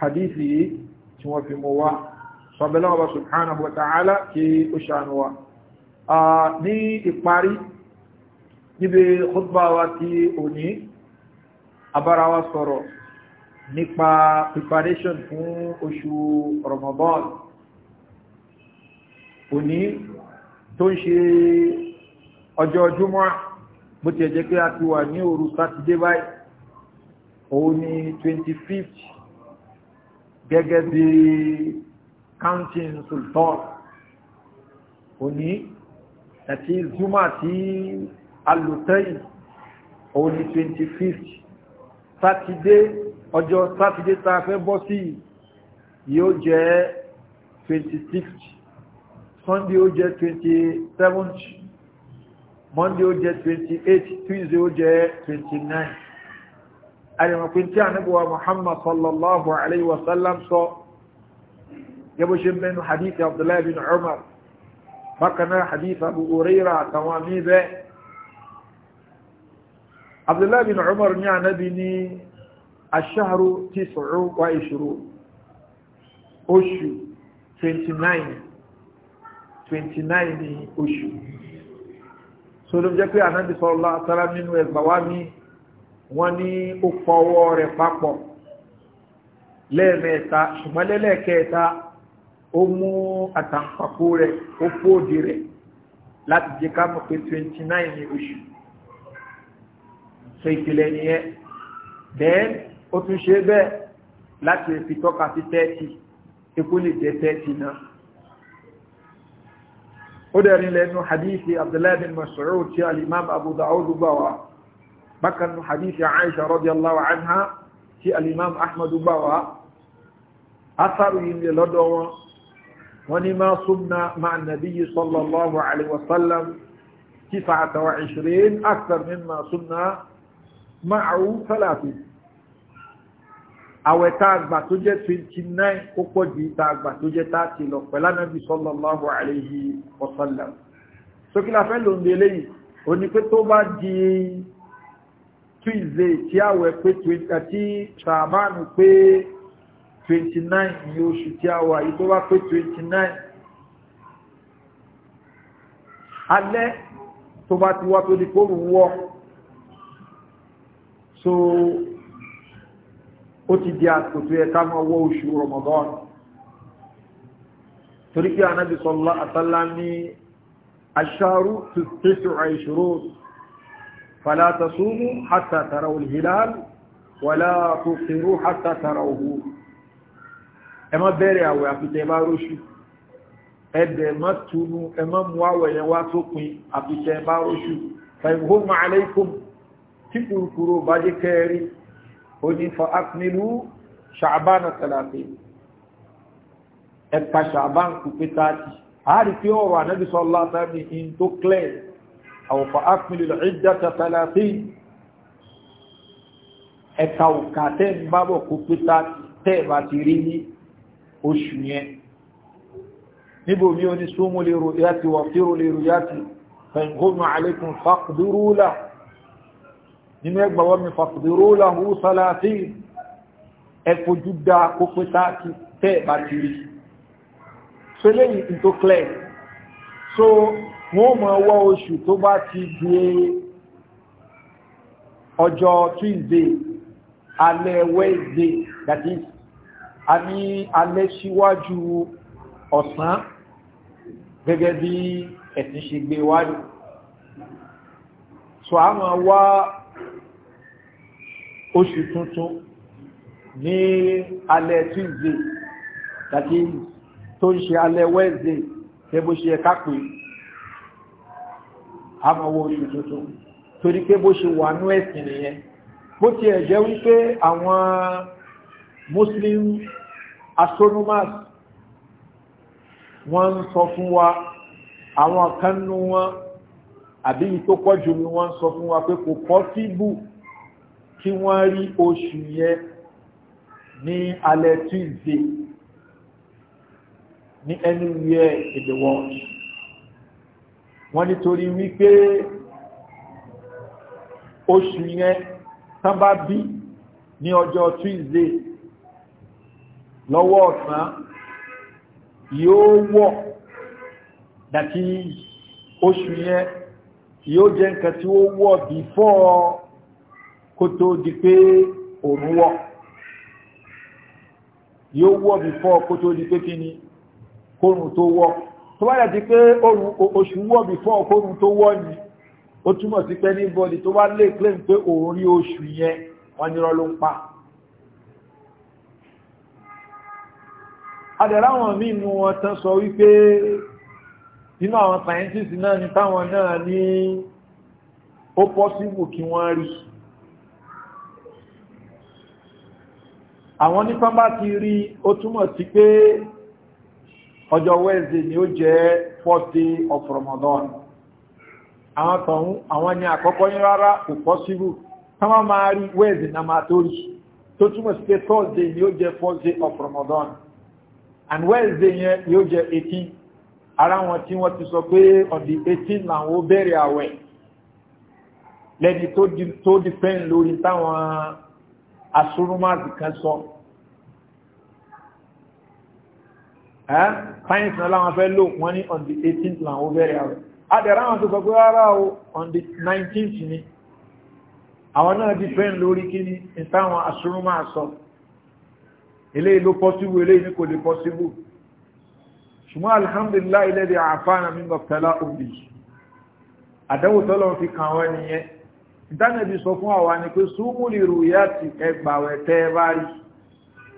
Speaker 1: hadithi yìí tí wọ́n fi mú wá sọ̀bẹ̀lá ọba subhanahu wa ta'ala kí ó ṣàánú wa ní ìparí níbi khutbawa tí ó ní sọ̀rọ̀ nípa preparation fún oṣù ramadan òní tó ń ṣe ọjọ́ ọjúmọ́ bó ti ẹ̀jẹ̀ pé a ti wà ní òru sátidé báyìí òun ni 25th gẹ́gẹ́ bí counting sultan òní àti zuma ti alùtẹ́yìn òun ni 25th sátidé ọjọ́ sátidé tá a fẹ́ bọ́ sí yóò jẹ́ 26th sunday ó jẹ́ twenty seventh monday ó jẹ́ twenty eight tuesday ó jẹ́ twenty nine àyẹ̀mọ̀pin tí ànábùwà muhammad sallallahu alayhi wa sallam sọ yẹ́bù ṣe mẹ́nu hadith abdullahi bin umar bákan náà hadith abu huraira àtàwọn àmì bẹ́ẹ̀ abdullahi bin umar ní ànábì ní aṣáharu tis'u wa ishru oṣù twenty 29 ní oṣù so ló jẹ́ pé ànábì sallallahu alaihi wasallam nínú ẹgbà wá ní wọ́n ní ó pọwọ́ rẹ̀ papọ̀ lẹ́ẹ̀mẹ́ta ṣùgbọ́n lẹ́lẹ́kẹta ó mú àtàǹpàkó rẹ̀ ó fòdì rẹ̀ láti jẹ́ ká mọ̀ pé 29 ní oṣù so ìpìlẹ̀ nìyẹn then ó tún ṣe bẹ́ẹ̀ láti fi tọ́ka sí 30 ikú lè jẹ́ 30 náà ó dẹ̀ rí lẹ́nu hadithi abdullahi bin mas'ud tí al-imam abu da'ud gbà wá bákan nu hadithi aisha radiyallahu anha tí al-imam ahmad gbà wá asaru yìí lè lọ́dọ̀ wọn wọ́n ní máa súnmọ́ máa nàbíyí sallallahu alaihi wasallam tis'ata wa ishrin akthar mimma sunna ma'ahu thalathin àwẹ̀ tá a gbà tó jẹ́ twenty nine ó pọ̀ ju tá a gbà tó jẹ́ thirty lọ pẹ̀lú anábì sallallahu alayhi wa sallam sókìlà fẹ́ ló ń de eléyìí ó ní pé tó bá di tuesday tí àwẹ̀ pé eh, tí sàbánu pé twenty nine ní oṣù tí a wà yìí tó bá pé twenty nine alẹ́ tó bá ti wá tó di kóòrùn wọ̀ so ó ti di àsìkò tó yẹ ká mọ́ ọwọ́ oṣù Ramadan torí pé anábì sọlá àtàlá ní aṣáárú tó tẹ́sù àìṣòro falatasumu hatta tara olhilal wàlá tó fèrú hatta tara òhù ẹ má bẹ̀rẹ̀ àwẹ̀ àfitẹ́ bá róṣù ẹ̀dẹ̀ má túnú ẹ má mú àwẹ̀ yẹn wá tó pin àfitẹ́ bá róṣù fàìhùn ma'alaikum tí kùrùkùrù bá jẹ́ kẹrin ó ní fọ akmilu ṣàbán ọ̀tẹ̀láfẹ́ ẹ̀ka ṣàbán kùpé tààtì àárí pé ọ̀rọ̀ ànábì sallallahu alaihi wasallam in tó clẹ̀ àwọn fọ akmilu ìdá tààtì ẹ̀ka òkà tẹ́ ń bábọ̀ kùpé tààtì tẹ́ bá ti rí ní oṣù yẹn níbo mi ò ní súnmù lè rò yá ti wà fírò lè rò àlékún fàkùdúrú láà nínú ẹgbàwọ́ mi fàkùdìrú láhú sálàtí ẹfojú dá kó pé táàkì bá ti rí so lẹ́yìn tó clẹ̀ so wọ́n mọ̀ ọwọ́ oṣù tó bá ti di ọjọ́ tuesday alẹ́ wednesday that is a ní alẹ́ síwájú ọ̀sán gẹ́gẹ́ bí ẹ̀sìn ṣe gbé wáyé so a máa wá oṣù tuntun ní alẹ́ tuesday tàbí tó ń ṣe alẹ́ wednesday tẹ́bó ṣe ẹ̀ká pé a máa wọ oṣù tuntun torí pé bó ṣe wà ní ẹ̀sìn nìyẹn bó ti ẹ̀jẹ́ wípé àwọn muslim astronomers wọ́n ń sọ fún wa àwọn kan nú wọn àbí tó pọ̀jù ni wọ́n ń sọ fún wa pé kò pọ́síbù kí wọ́n rí oṣù yẹn ní alẹ́ tuesday ní anywhere in the world wọ́n nítorí wípé oṣù yẹn tán bá bí ní ọjọ́ tuesday lọ́wọ́ ọ̀sán yóò wọ̀ dàtí oṣù yẹn yóò jẹ́ nǹkan tí ó wọ̀ before kó tó di pé òun wọ̀ yóò wọ̀ bìfọ́ kó tó di pé kí ni kórun tó wọ̀ tó bá yàtí pé oṣù wọ̀ bìfọ́ kórun tó wọ̀ ni ó túmọ̀ sí pé níbọ̀dì tó bá lè claim pé òun rí oṣù yẹn wọ́n nírọ́ ló ń pa. adẹ̀láwọn míì nu wọn tán sọ wípé nínú àwọn scientist náà ní táwọn náà ní ó pọ́sibù kí wọ́n rí i àwọn nípa bá ti rí ó túmọ̀ sí pé ọjọ́ wednesday ni ó jẹ́ fourth of ramadan àwọn tọ̀hún àwọn ni àkọ́kọ́ ní rárá kò possible táwọn máa rí wednesday náà máa tó rí tó túmọ̀ sí pé thursday ni ó jẹ́ fourth of ramadan and wednesday yẹn ni ó jẹ́ eighteen ara wọn tí wọ́n ti sọ pé on the eighteen làwọn ó bẹ̀rẹ̀ àwẹ̀ lẹ́ni tó depend lórí táwọn astronomers kan sọ science náà láwọn fẹ́ lò wọ́n ní on the 18th làwọn ó bẹ̀rẹ̀ àwẹ̀ adẹ̀rẹ̀ àwọn tó sọ pé on the 19th ni àwọn náà depend lórí kí ni ìtàwọn astronomers sọ eléyìí ló possible eléyìí ní kò lè possible ṣùgbọ́n alhamdulillah ilẹ̀ di àfáànà mímọ̀ pẹ̀lá òbí àdẹ́wò tọ́lọ́ fi kàn wọ́n nìyẹn ìdánẹ̀bí sọ fún àwa ni pé súnmùlì rúyà ti ẹgbàwẹ̀ tẹ́ bá rí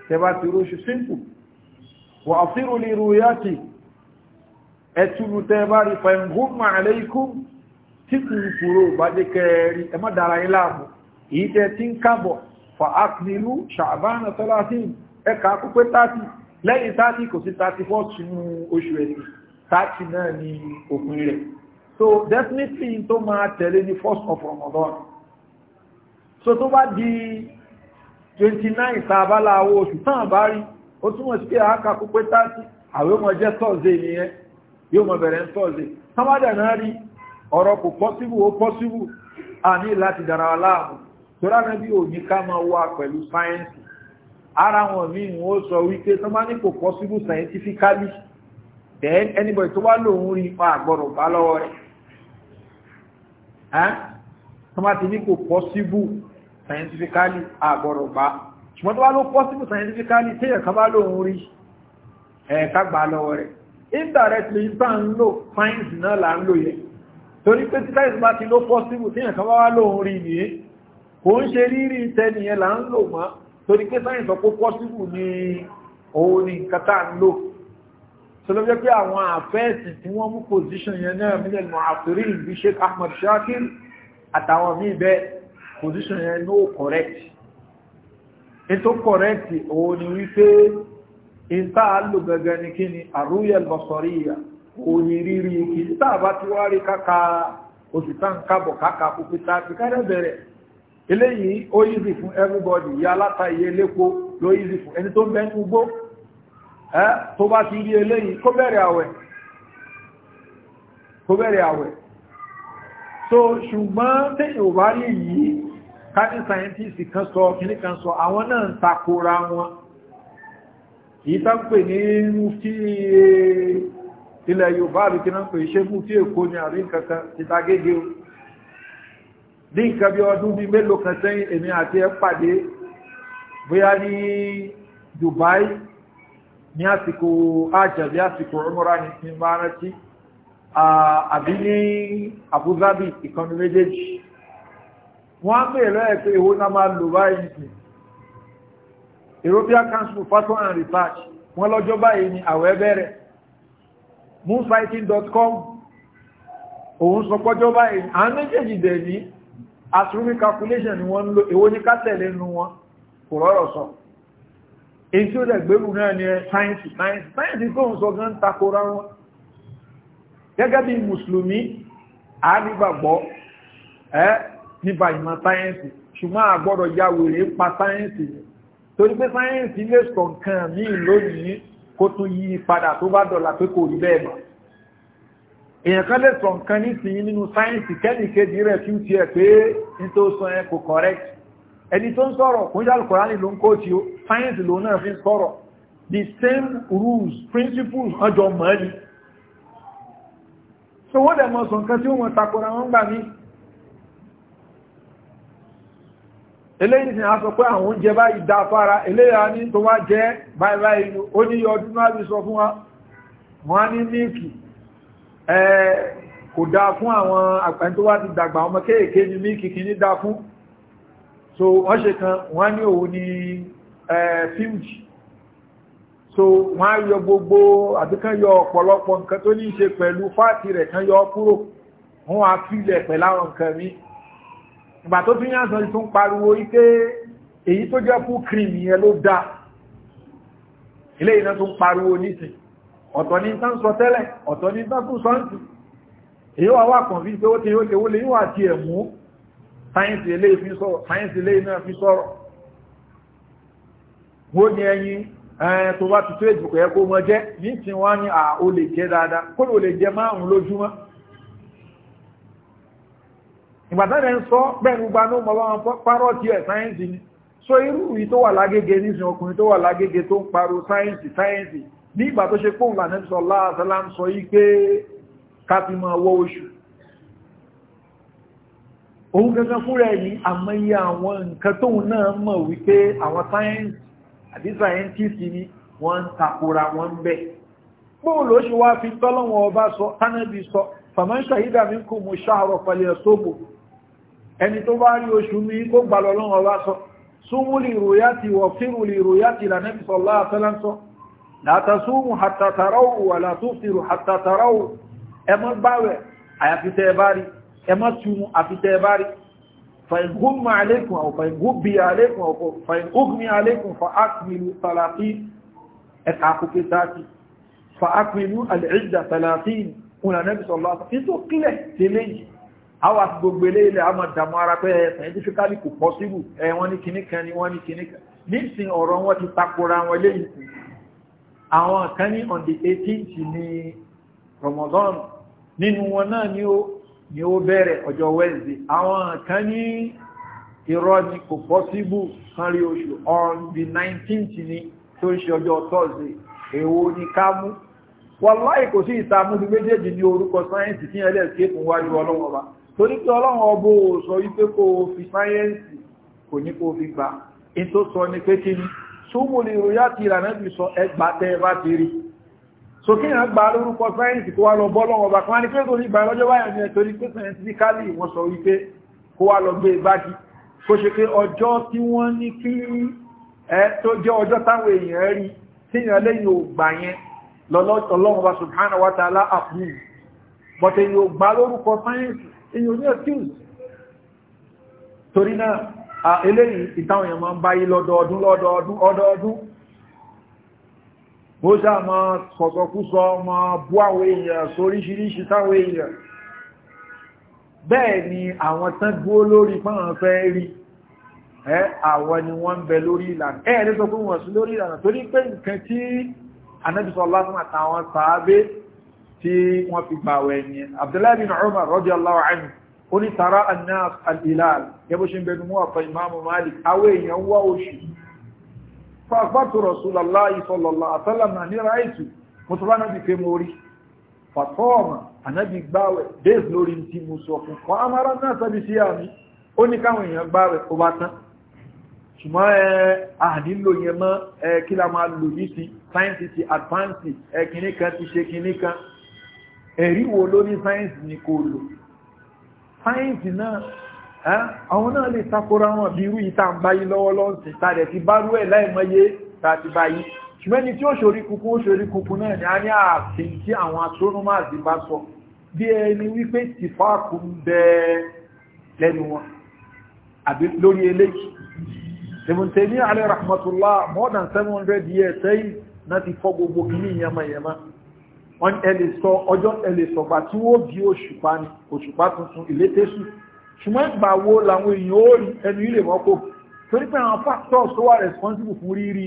Speaker 1: tẹ́ bá ti róṣù sínkù wà fírùlì rúyà ti ẹtùlù tẹ́ bá rí fẹ̀mùhùnmà àlẹ́ikú tí kù kúrò bá jẹ́ kẹrì ẹmọ́ dára iláàmù èyí tẹ́ ni òpin rẹ̀ so definitely tó máa tẹ̀lé ní first of Ramadan so tó bá di 29 tàbálà owó oṣù tán bá rí ó túnmọ̀ sí pé àákà kó pé 30 àwẹ́ mọ̀ jẹ́ Thursday nìyẹn yóò mọ̀ bẹ̀rẹ̀ Thursday sábàdà náà rí ọ̀rọ̀ kò pọ́síbù ó pọ́síbù àní láti dára wa láàmú torá náà bí òní ká máa wà pẹ̀lú sáyẹ́ǹsì ara wọn míì wọ́n sọ wípé tó bá ní kò pọ́síbù scientifically then anybody tó wá lòun rí pa àgbọ̀rọ̀ bá lọ́wọ́ rẹ̀ tó má ti ní kò possible scientifically àgbọ̀rọ̀ gbá ṣùgbọ́n tó wá ló possible scientifically tí ẹ̀kan bá lóun rí ẹ̀ẹ̀ká gbà lọ́wọ́ rẹ̀ indirectly bá ń lò science náà là ń lò yẹ torí pé tí science bá ti ló possible tí ẹ̀kan bá wá lóun rí nìyẹn kò ń ṣe rírí tẹniyẹn là ń lò mọ́ torí pé science ọ̀pọ̀ possible ni òun ni nǹkan tá à ń lò sọlọ́ jẹ́ pé àwọn àfẹ́ẹ̀sì tí wọ́n mú pòsíṣàn yẹn náà mílẹ̀ mọ̀ àfẹ́rí ìbí sheikh ahmed shakir àtàwọn míì bẹ́ẹ̀ pòsíṣàn yẹn ló correct ètò correct òun ni wípé ìta àlò gẹ́gẹ́ ni kí ni àrúyẹ lọ́sọ̀ríyà òun ni rírí kí ní tàbá tí wá rí káka òsìtá ń kábọ̀ káka pípítà àti kárẹ́ bẹ̀rẹ̀ eléyìí ó yízi everybody ìyá aláta ìyẹlẹ́kọ́ ló yízi fún ẹni tó bá ti rí eléyìí kó bẹ̀rẹ̀ àwẹ̀ kó bẹ̀rẹ̀ àwẹ̀ so ṣùgbọ́n tẹ́yìn ò bá rí yìí káni sáyẹ́ntìsì kan sọ kìíní kan sọ àwọn náà ń takora wọn èyí tá ń pè ní mufti ilẹ̀ Yorùbá àbí kí náà pè ṣe mufti Èkó ni àrí nǹkankan títa gẹ́gẹ́ o ní nǹkan bí ọdún bí mélòó kan sẹ́yìn èmi àti ẹ pàdé bóyá ní Dubai ní àsìkò àjàbí àsìkò ọmọrá ní ti máa rántí àbí ní Abu Dhabi ìkànnì méjèèjì wọ́n á pè lọ́ẹ̀ pé èwo náà máa lò báyìí nìkan European Council Fashion and Research wọ́n lọ́jọ́ báyìí ni àwẹ̀ bẹ̀rẹ̀ moonfighting.com òun sọ pọ́jọ́ báyìí àwọn méjèèjì dẹ̀ ní astronomical calculation ni wọ́n ń lo èwo ní ká tẹ̀lé nu wọn kò rọrọ̀ sọ̀rọ̀ èyí tí ó dẹ̀ gbérù náà ni sáyẹ́nsì sáyẹ́nsì sáyẹ́nsì tó ń sọ gan takora wọn gẹ́gẹ́ bí mùsùlùmí a nígbàgbọ́ ẹ́ nípa ìmọ̀ sáyẹ́nsì ṣùgbọ́n a gbọ́dọ̀ ya wèrè pa sáyẹ́nsì torí pé sáyẹ́nsì lè sọ nǹkan míì lónìí kó tún yí padà tó bá dọ̀là pé kò rí bẹ́ẹ̀ mọ́ èèyàn kan lè sọ nǹkan nísìnyí nínú sáyẹ́nsì kẹ́nìkejì rẹ̀ tún tiẹ̀ pé nítòsàn ẹ kò correct ẹni tó ń sọ̀rọ̀ kò ń yàrá kòránì ló ń kóòtì ó sáyẹ́nsì lòun náà fi sọ̀rọ̀ the same rules principles ọjọ́ mọ́lì so wọ́n dẹ̀ mọ̀ sọ nǹkan tí wọ́n takora wọ́n gbà mí eléyìí ni a sọ pé àwọn oúnjẹ báyìí dá fara eléyìí a ní tó wá jẹ́ báyìí báyìí ó ní ọdún náà bí sọ fún wa wọ́n á ní mílìkì kò dáa fún àwọn àpẹni tó wá ti dàgbà ọmọ kéèkéé ní mílìkì kì ní dáa fún so wọ́n ṣe kan wọ́n ní òun ni Eh, fíwùjì so wọ́n á yọ gbogbo àbí kan yọ ọ̀pọ̀lọpọ̀ nǹkan tó ní í ṣe pẹ̀lú fáàtì rẹ̀ kan yọ kúrò wọ́n á filẹ̀ pẹ̀láwọn nǹkan mi ìgbà tó tún yàn sàn tún pariwo ike èyí tó jẹ́ fún cream yẹn ló da ilé iná tún pariwo nísìn ọ̀tọ̀ ní tán sọ tẹ́lẹ̀ ọ̀tọ̀ ní tán tún sọ́ǹtì èyí wà wà kọ̀ǹfí pé ó ti yóò lè wó lè yíwà ti ẹ̀mú wọ́n ní ẹyin tó bá ti tréjì kò yẹ kó mọ jẹ́ ní tí wọ́n ní à ó lè jẹ́ dáadáa kó ló lè jẹ márùn lójúmọ́ ìgbàtàrẹ ń sọ bẹ́ẹ̀ni gba ní ọmọ wọn parọ́ ti ẹ̀ ni so irú yìí tó wà lágége nísìn ọkùnrin tó wà lágége tó ń paro sáyẹ́nsì sáyẹ́nsì ní ìgbà tó ṣe pòǹgbà náà sọ láàzálà ń sọ yí pé káfíńmọ̀ ọwọ́ oṣù òun gangan fúnra ẹ̀ ní àmọ́ àwọn nǹkan tóun náà mọ̀ wípé àwọn sáyẹ́nsì àbí sáyẹ́ntìsì ni wọ́n ń takora wọ́n ń bẹ̀. bóun ló ṣe wá fi tọ́lọ́wọ́n ọba sọ tánàbí sọ faman shahida minkum shahra falyasumhu ẹni tó bá rí oṣù mi kó gbà lọ́lọ́wọ́n ọba sọ súnmú lè ròyà ti wọ̀ fírù lè ròyà ti lànàbí sallallahu alaihi wasallam sọ látàsúnmù hàtàtàráwò فإن غم عليكم أو فإن غبي عليكم أو فإن أغمي عليكم فأكملوا ثلاثين أتعقوا في ذاتي فأكملوا العدة ثلاثين هنا النبي صلى الله عليه وسلم إنتو قلة تلي أو أسبب بلي لعما دمارة بيه scientifically kò possible ẹ̀ wọ́n ní kíní kan ní wọ́n ní kíní kan nísìn ọ̀rọ̀ wọn ti takora wọn léyìn kù àwọn kan ní on the 18th ní Ramadan nínú wọn náà ni ó ni ó bẹ̀rẹ̀ ọjọ́ wednesday àwọn kan ní irọ́ ni kò pọ́síbù kan oṣù on the 19th ni tó ń ṣe ọjọ́ thursday èwo ni ká mú wàláì kò sí ìtààmú ní méjèèjì ní orúkọ sáyẹ́ǹsì tí ẹlẹ́ ṣe fún wájú ọlọ́wọ́ ọba torí pé ọlọ́wọ́ ọbọ ò sọ wípé kò fi sáyẹ́ǹsì kò ní kò fi gbà in tó sọ ni pé kí ni súnmù ni ìròyìn àti ìlànà ìbí ẹgbàá tẹ́ ẹ bá ti rí so kí èèyàn gba lórúkọ sáyẹ́ǹsì kó wá lọ bọ́ lọ́wọ́ bá kan wá ní pé torí ìgbà lọ́jọ́ báyà ní ẹ̀tọ́rí pé scientifically wọ́n sọ wípé kó wá lọ gbé e bájì kó ṣe pé ọjọ́ tí wọ́n ní kí ẹ tó jẹ́ ọjọ́ táwọn èèyàn rí wa ta'ala approve but èèyàn ò gba lórúkọ sáyẹ́ǹsì èèyàn ní excuse torí náà eléyìí ìtàwọn èèyàn máa bó ṣá ma sọ̀tọ̀kúsọ ma bú àwọn èèyàn sóríṣiríṣi táwọn èèyàn bẹ́ẹ̀ ni àwọn tán dúó lórí fáwọn fẹ́ rí ẹ́ àwọn ni wọ́n ń bẹ lórí ìlànà ẹ́ lè sọ pé wọ́n sí lórí ìlànà torí pé nǹkan tí anábìsọ lásán àtàwọn sàábé tí wọ́n fi gbà wẹ̀ ni abdullahi bin umar radiyallahu anhu fàfàtù rasulallahi sallallahu àtàlàm náà ní ráìtù mo tó bá náà bí pé mo rí fàtọ́ọ̀mà ànábì gbáwẹ̀ days lórí tí mo sọ fún kọ́ amára náà tàbí sí àmì ó ní káwọn èèyàn gbáwẹ̀ ó bá tán ṣùgbọ́n ẹ àdínlò yẹn mọ́ àwọn náà lè takora wọn bí irú ìta ń báyí lọ́wọ́lọ́wọ́ sí tààdẹ̀ ti bá rú ẹ̀ láìmọye tààdì báyí ṣùgbẹ́ni tí ó ṣorí kúkú ó ṣorí kúkú náà ni a ní ààfin tí àwọn astronomers bá sọ bí ẹni wípé tìfáàkù ń bẹ lẹ́nu wọn àbí lórí eléyìí tèmùtèmí alẹ́ rahmatullah more than seven hundred years sẹ́yìn náà ti fọ gbogbo kìíní yẹmọyẹmọ wọn ẹ lè sọ ọjọ́ ẹ lè sọgbà tí wọ́n bí òṣùpá ni òṣùpá tuntun ìlétésù ṣùgbọ́n ìgbà wo làwọn èèyàn ó rí ẹnu ilé mọ́kò torí pé àwọn factors tó wà responsible fún rírí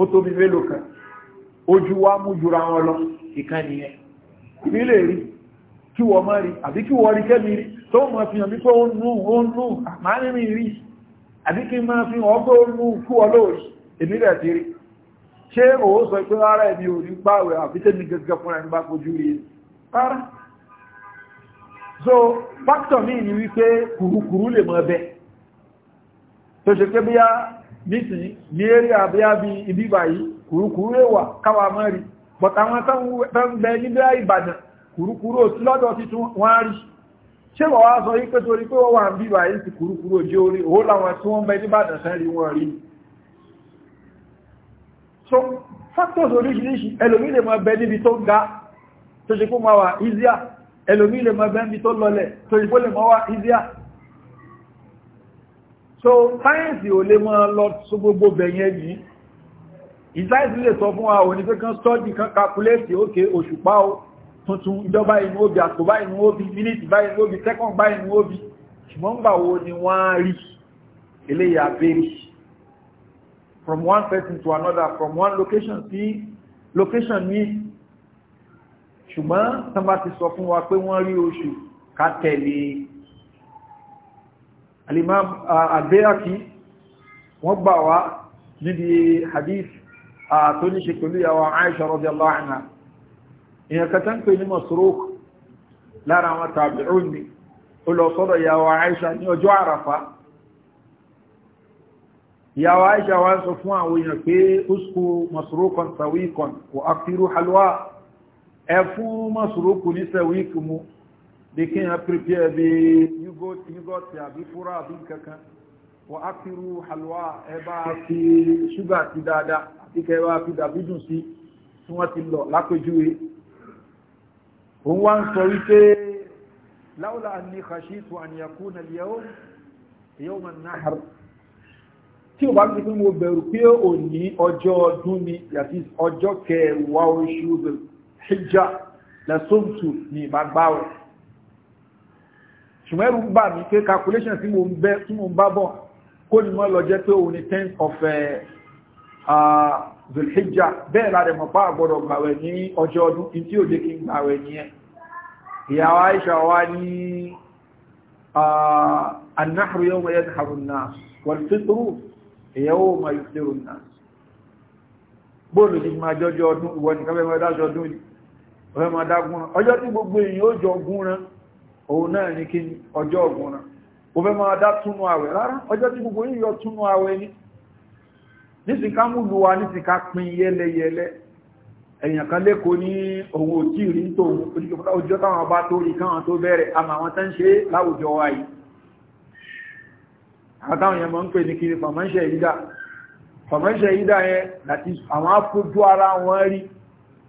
Speaker 1: ó tóbi mélòó kan ojú wa mú jura wọn lọ ìkan nìyẹn ìbí lè rí kí wọ́n má rí àbí kí wọ́n rí kẹ́mi rí tó mọ̀ fi hàn wípé ó nù ó nù àmàlẹ́mì rí àbí kí máa fi hàn ọgbọ́ ó nù kú ọlọ́rí èmi rẹ̀ ti rí ṣé òun sọ pé rárá ẹ̀mí ò ní gbáwẹ̀ àbí tẹ́mi gẹ́gẹ́ fúnra ẹni bá kojú rí rárá so factor mi ni wípé kùrùkùrù lè mọ́ ẹbẹ́ tó ṣe pé bíyá nísìnyí ní eré àbíyá bí ibi báyìí kùrùkùrù lè wà káwà mọ́ rí but àwọn tán bẹ nílẹ̀ ìbàdàn kùrùkùrù ò sí lọ́dọ̀ títún wọ́n rí ṣé wọ́n wá sọ yí pé torí pé wọ́n wà ń bí báyìí ti kùrùkùrù òjé orí òó láwọn rí so factors oríṣiríṣi ẹlòmí ẹlòmí lè mọ bẹ́ẹ̀mí tó lọlẹ̀ tó ìbó lè mọ́ wá india so sáyẹ̀nsì ò lè mọ́ lọ só gbogbo bẹ̀yẹn yìí ìsáyẹ̀nsì lè sọ fún wa òní pé kan stọ́dì kan kakuléètì òkè òṣùpá o tuntun ìjọba inú obì àkó báyìí inú obì mínítì báyìí inú obì sẹ́kọ̀n báyìí inú obì ṣùgbọ́n gbà wo ni wọ́n rí eléyìí abéèrè from one person to another from one location sí location míì ṣùgbọ́n tán bá ti sọ fún wa pé wọ́n rí oṣù ká tẹ̀lé alìmá àbẹ́yàkí wọ́n gbà wá níbi hadith tó ní ṣe pẹ̀lú yàwó Aisha radiyallahu anha èèyàn kẹta ń pè ní Masruq lára àwọn tabi'un ni sọ fún àwọn èèyàn pé usku Masruqan sawiqan wa aktiru halwa ẹ fún mọ́sùrùkù ní sẹ́wíkì mú bí kí yẹn prepare bí yúgọ́tì àbí fúra àbí kankan wọ́n á fi rú halwa ẹ bá fi ṣúgà sí dáadáa àti kẹ́ bá fi dàbí dùn sí tí wọ́n ti lọ lápèjúwe òun wá ń sọ wípé láwùlà ní khashitu an yakuna al-yawm yawm an-nahr tí o bá ti pín mo bẹ̀rù pé òní ọjọ́ ọdún ni yàtí ọjọ́ kẹwàá oṣù bẹ̀rù hijja lẹ́sọ́mùtù ní ìbágbáwẹ̀ ṣùgbọ́n ẹ̀rù bà mí pé calculation tí mo ń bẹ́ tí mo ń bá bọ̀ kó ní mọ́ lọ jẹ́ pé òun ni 10th of eh, ah, zulhijja bẹ́ẹ̀ lára mọ̀ pá àgbọ̀dọ̀ gbàwẹ̀ ní ọjọ́ ọdún in tí ó dé kí n gbàwẹ̀ ní ẹ ah, ìyàwó aisha wá ní annahru yau mayẹ haruna wàlfitru ìyàwó mayufiruna bóòlù ti máa jọjọ ọdún ìwọ nìkan bẹ́ẹ̀ mọ́ dájọ ọ̀fẹ́ ma dágúnran ọjọ́ tí gbogbo èèyàn ó jọ gúnran òun náà ní kí ọjọ́ o ọ̀fẹ́ ma dá túnú àwẹ̀ rárá ọjọ́ tí gbogbo èèyàn yọ túnú àwẹ̀ ní nísìnká múlù wa nísìnká pin yẹlẹyẹlẹ èèyàn kan lẹ́kọ̀ọ́ ní òun tí rí tòun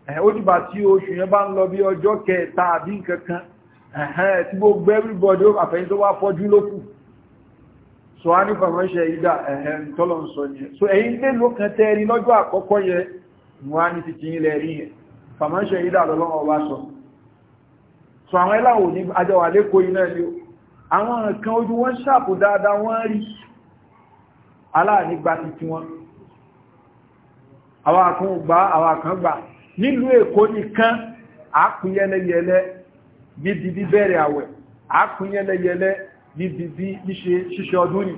Speaker 1: ó dìbà tí oṣù yẹn bá ń lọ bí ọjọ́ kẹta àbí tí gbogbo everybody àfẹ́yìn tó wá fọ́jú so a ní pàmọ́ṣẹ́ ìdá ẹ̀hẹ́n tọ́lọ̀ ń sọ yẹn so ẹ̀yìn lè ló kan lọ́jọ́ àkọ́kọ́ yẹ wọ́n á ní ilẹ̀ rí yẹn ìdá lọ́lọ́wọ́ wá sọ àwọn ni àwọn nǹkan nílùú èkó nìkan àápìnyẹlẹyẹlẹ níbi bíbẹ̀rẹ̀ àwẹ̀ àápìnyẹlẹyẹlẹ níbi bí níṣe ṣíṣe ọdún ni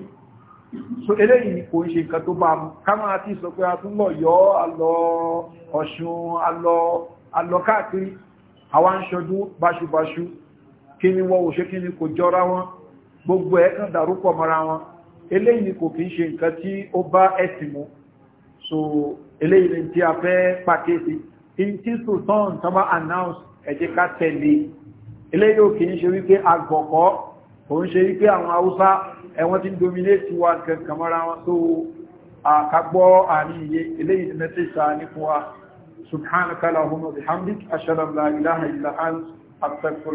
Speaker 1: so eléyìí kò ń ṣe nǹkan tó bá mú ká máa ti sọ pé a tún lọ yọ́ alọ ọ̀ṣun alọ káàkiri àwọn aṣọ́dún báṣubáṣu kí ni wọ́n òṣè kí ni kò jọra wọn gbogbo ẹ̀kan dàrúpọ̀ mara wọn eléyìí kò kí ń ṣe nǹkan tí ó bá ẹ̀sìn mú so eléyìí ni tí a fẹ́ pàkíyèsí tí sultan tó bá announce ẹ̀jẹ̀ ká tẹ̀lé eléyìí ò kì í ṣe wípé agbọ̀kọ́ òun ṣe wípé àwọn haúsá ẹ̀wọ́n ti dominate wa kankan mọ́ra wọn tó àkagbọ́ àárín iye eléyìí mẹ́tẹ́ sáà ní fún wa subhanaka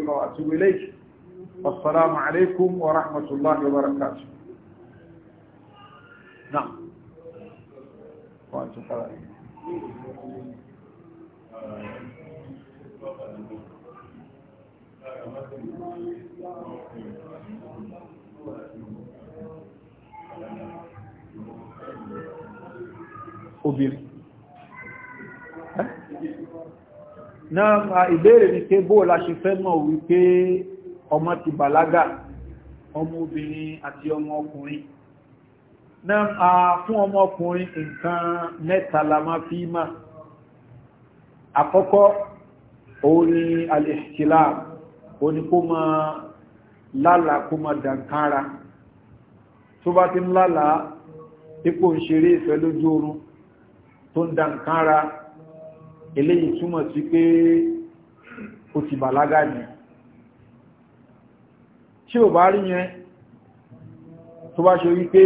Speaker 1: wa atubu ilayk والسلام obìnrin náà ìbéèrè ní pé bóò la ṣe fẹ́ mọ̀ wípé ọmọ ti bàlágà ọmọ obìnrin àti ọmọ ọkùnrin náà fún ọmọ ọkùnrin nǹkan mẹ́ta la máa fi máa àkọ́kọ́ òun ni al-ihtilam òun ni kó máa lálàá kó máa dànkára tó bá ti ń lálàá ipò ń ṣeré ìfẹ́ lójú oorun tó ń dànkára eléyìí túmọ̀ sí pé ó ti bàlágà ni tí ò bá rí yẹn tó bá ṣe wípé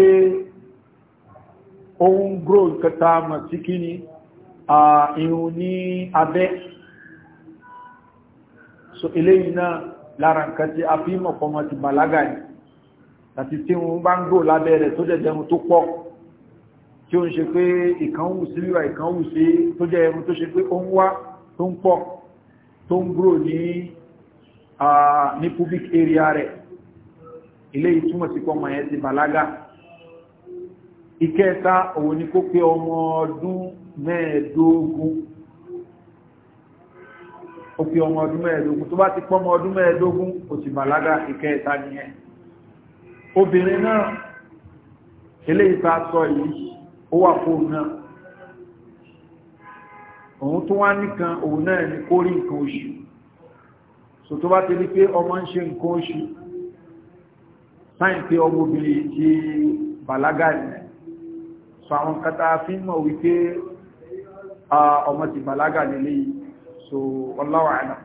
Speaker 1: ohun gro nǹkan mọ̀ sí kí ni irun ní abẹ́ so eléyìí náà lára nǹkan tí a fi mọ̀ fọmọ ti bàlágà yìí àti tí wọ́n bá ń gbò lábẹ́ rẹ̀ tó jẹ́ jẹun tó pọ̀ tí ó ń ṣe pé ìkan wù sí wíwà ìkan wù sí tó jẹ́ ẹrun tó ṣe pé ó ń wá tó ń pọ̀ tó ń gbò ní ní public area rẹ̀ ilé ìtumọ̀ sí pọ́mọ yẹn ti bàlágà ìkẹta òun ni kó pé ọmọ ọdún mẹ́ẹ̀ẹ́dógún ó fi ọmọ ọdún mẹ́ẹ̀ẹ́dógún tó bá ti pọ́ ọmọ ọdún mẹ́ẹ̀ẹ́dógún ó ti bàlágà ìkẹta nìyẹn obìnrin náà eléyìí tá a sọ yìí ó wà fóun náà òun tó wá nìkan òun náà ní kó rí nǹkan oṣù so tó bá ti rí pé ọmọ ń ṣe nǹkan oṣù sáyìn pé ọmọ obìnrin ti bàlágà nìyẹn so àwọn kata fi ń mọ̀ wípé ọmọ ti bàlágà nílé yìí so wallahu a'lam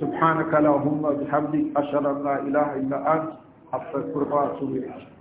Speaker 1: subhanaka lahumma bihamdik ashhadu an la ilaha illa ant astaghfiruka wa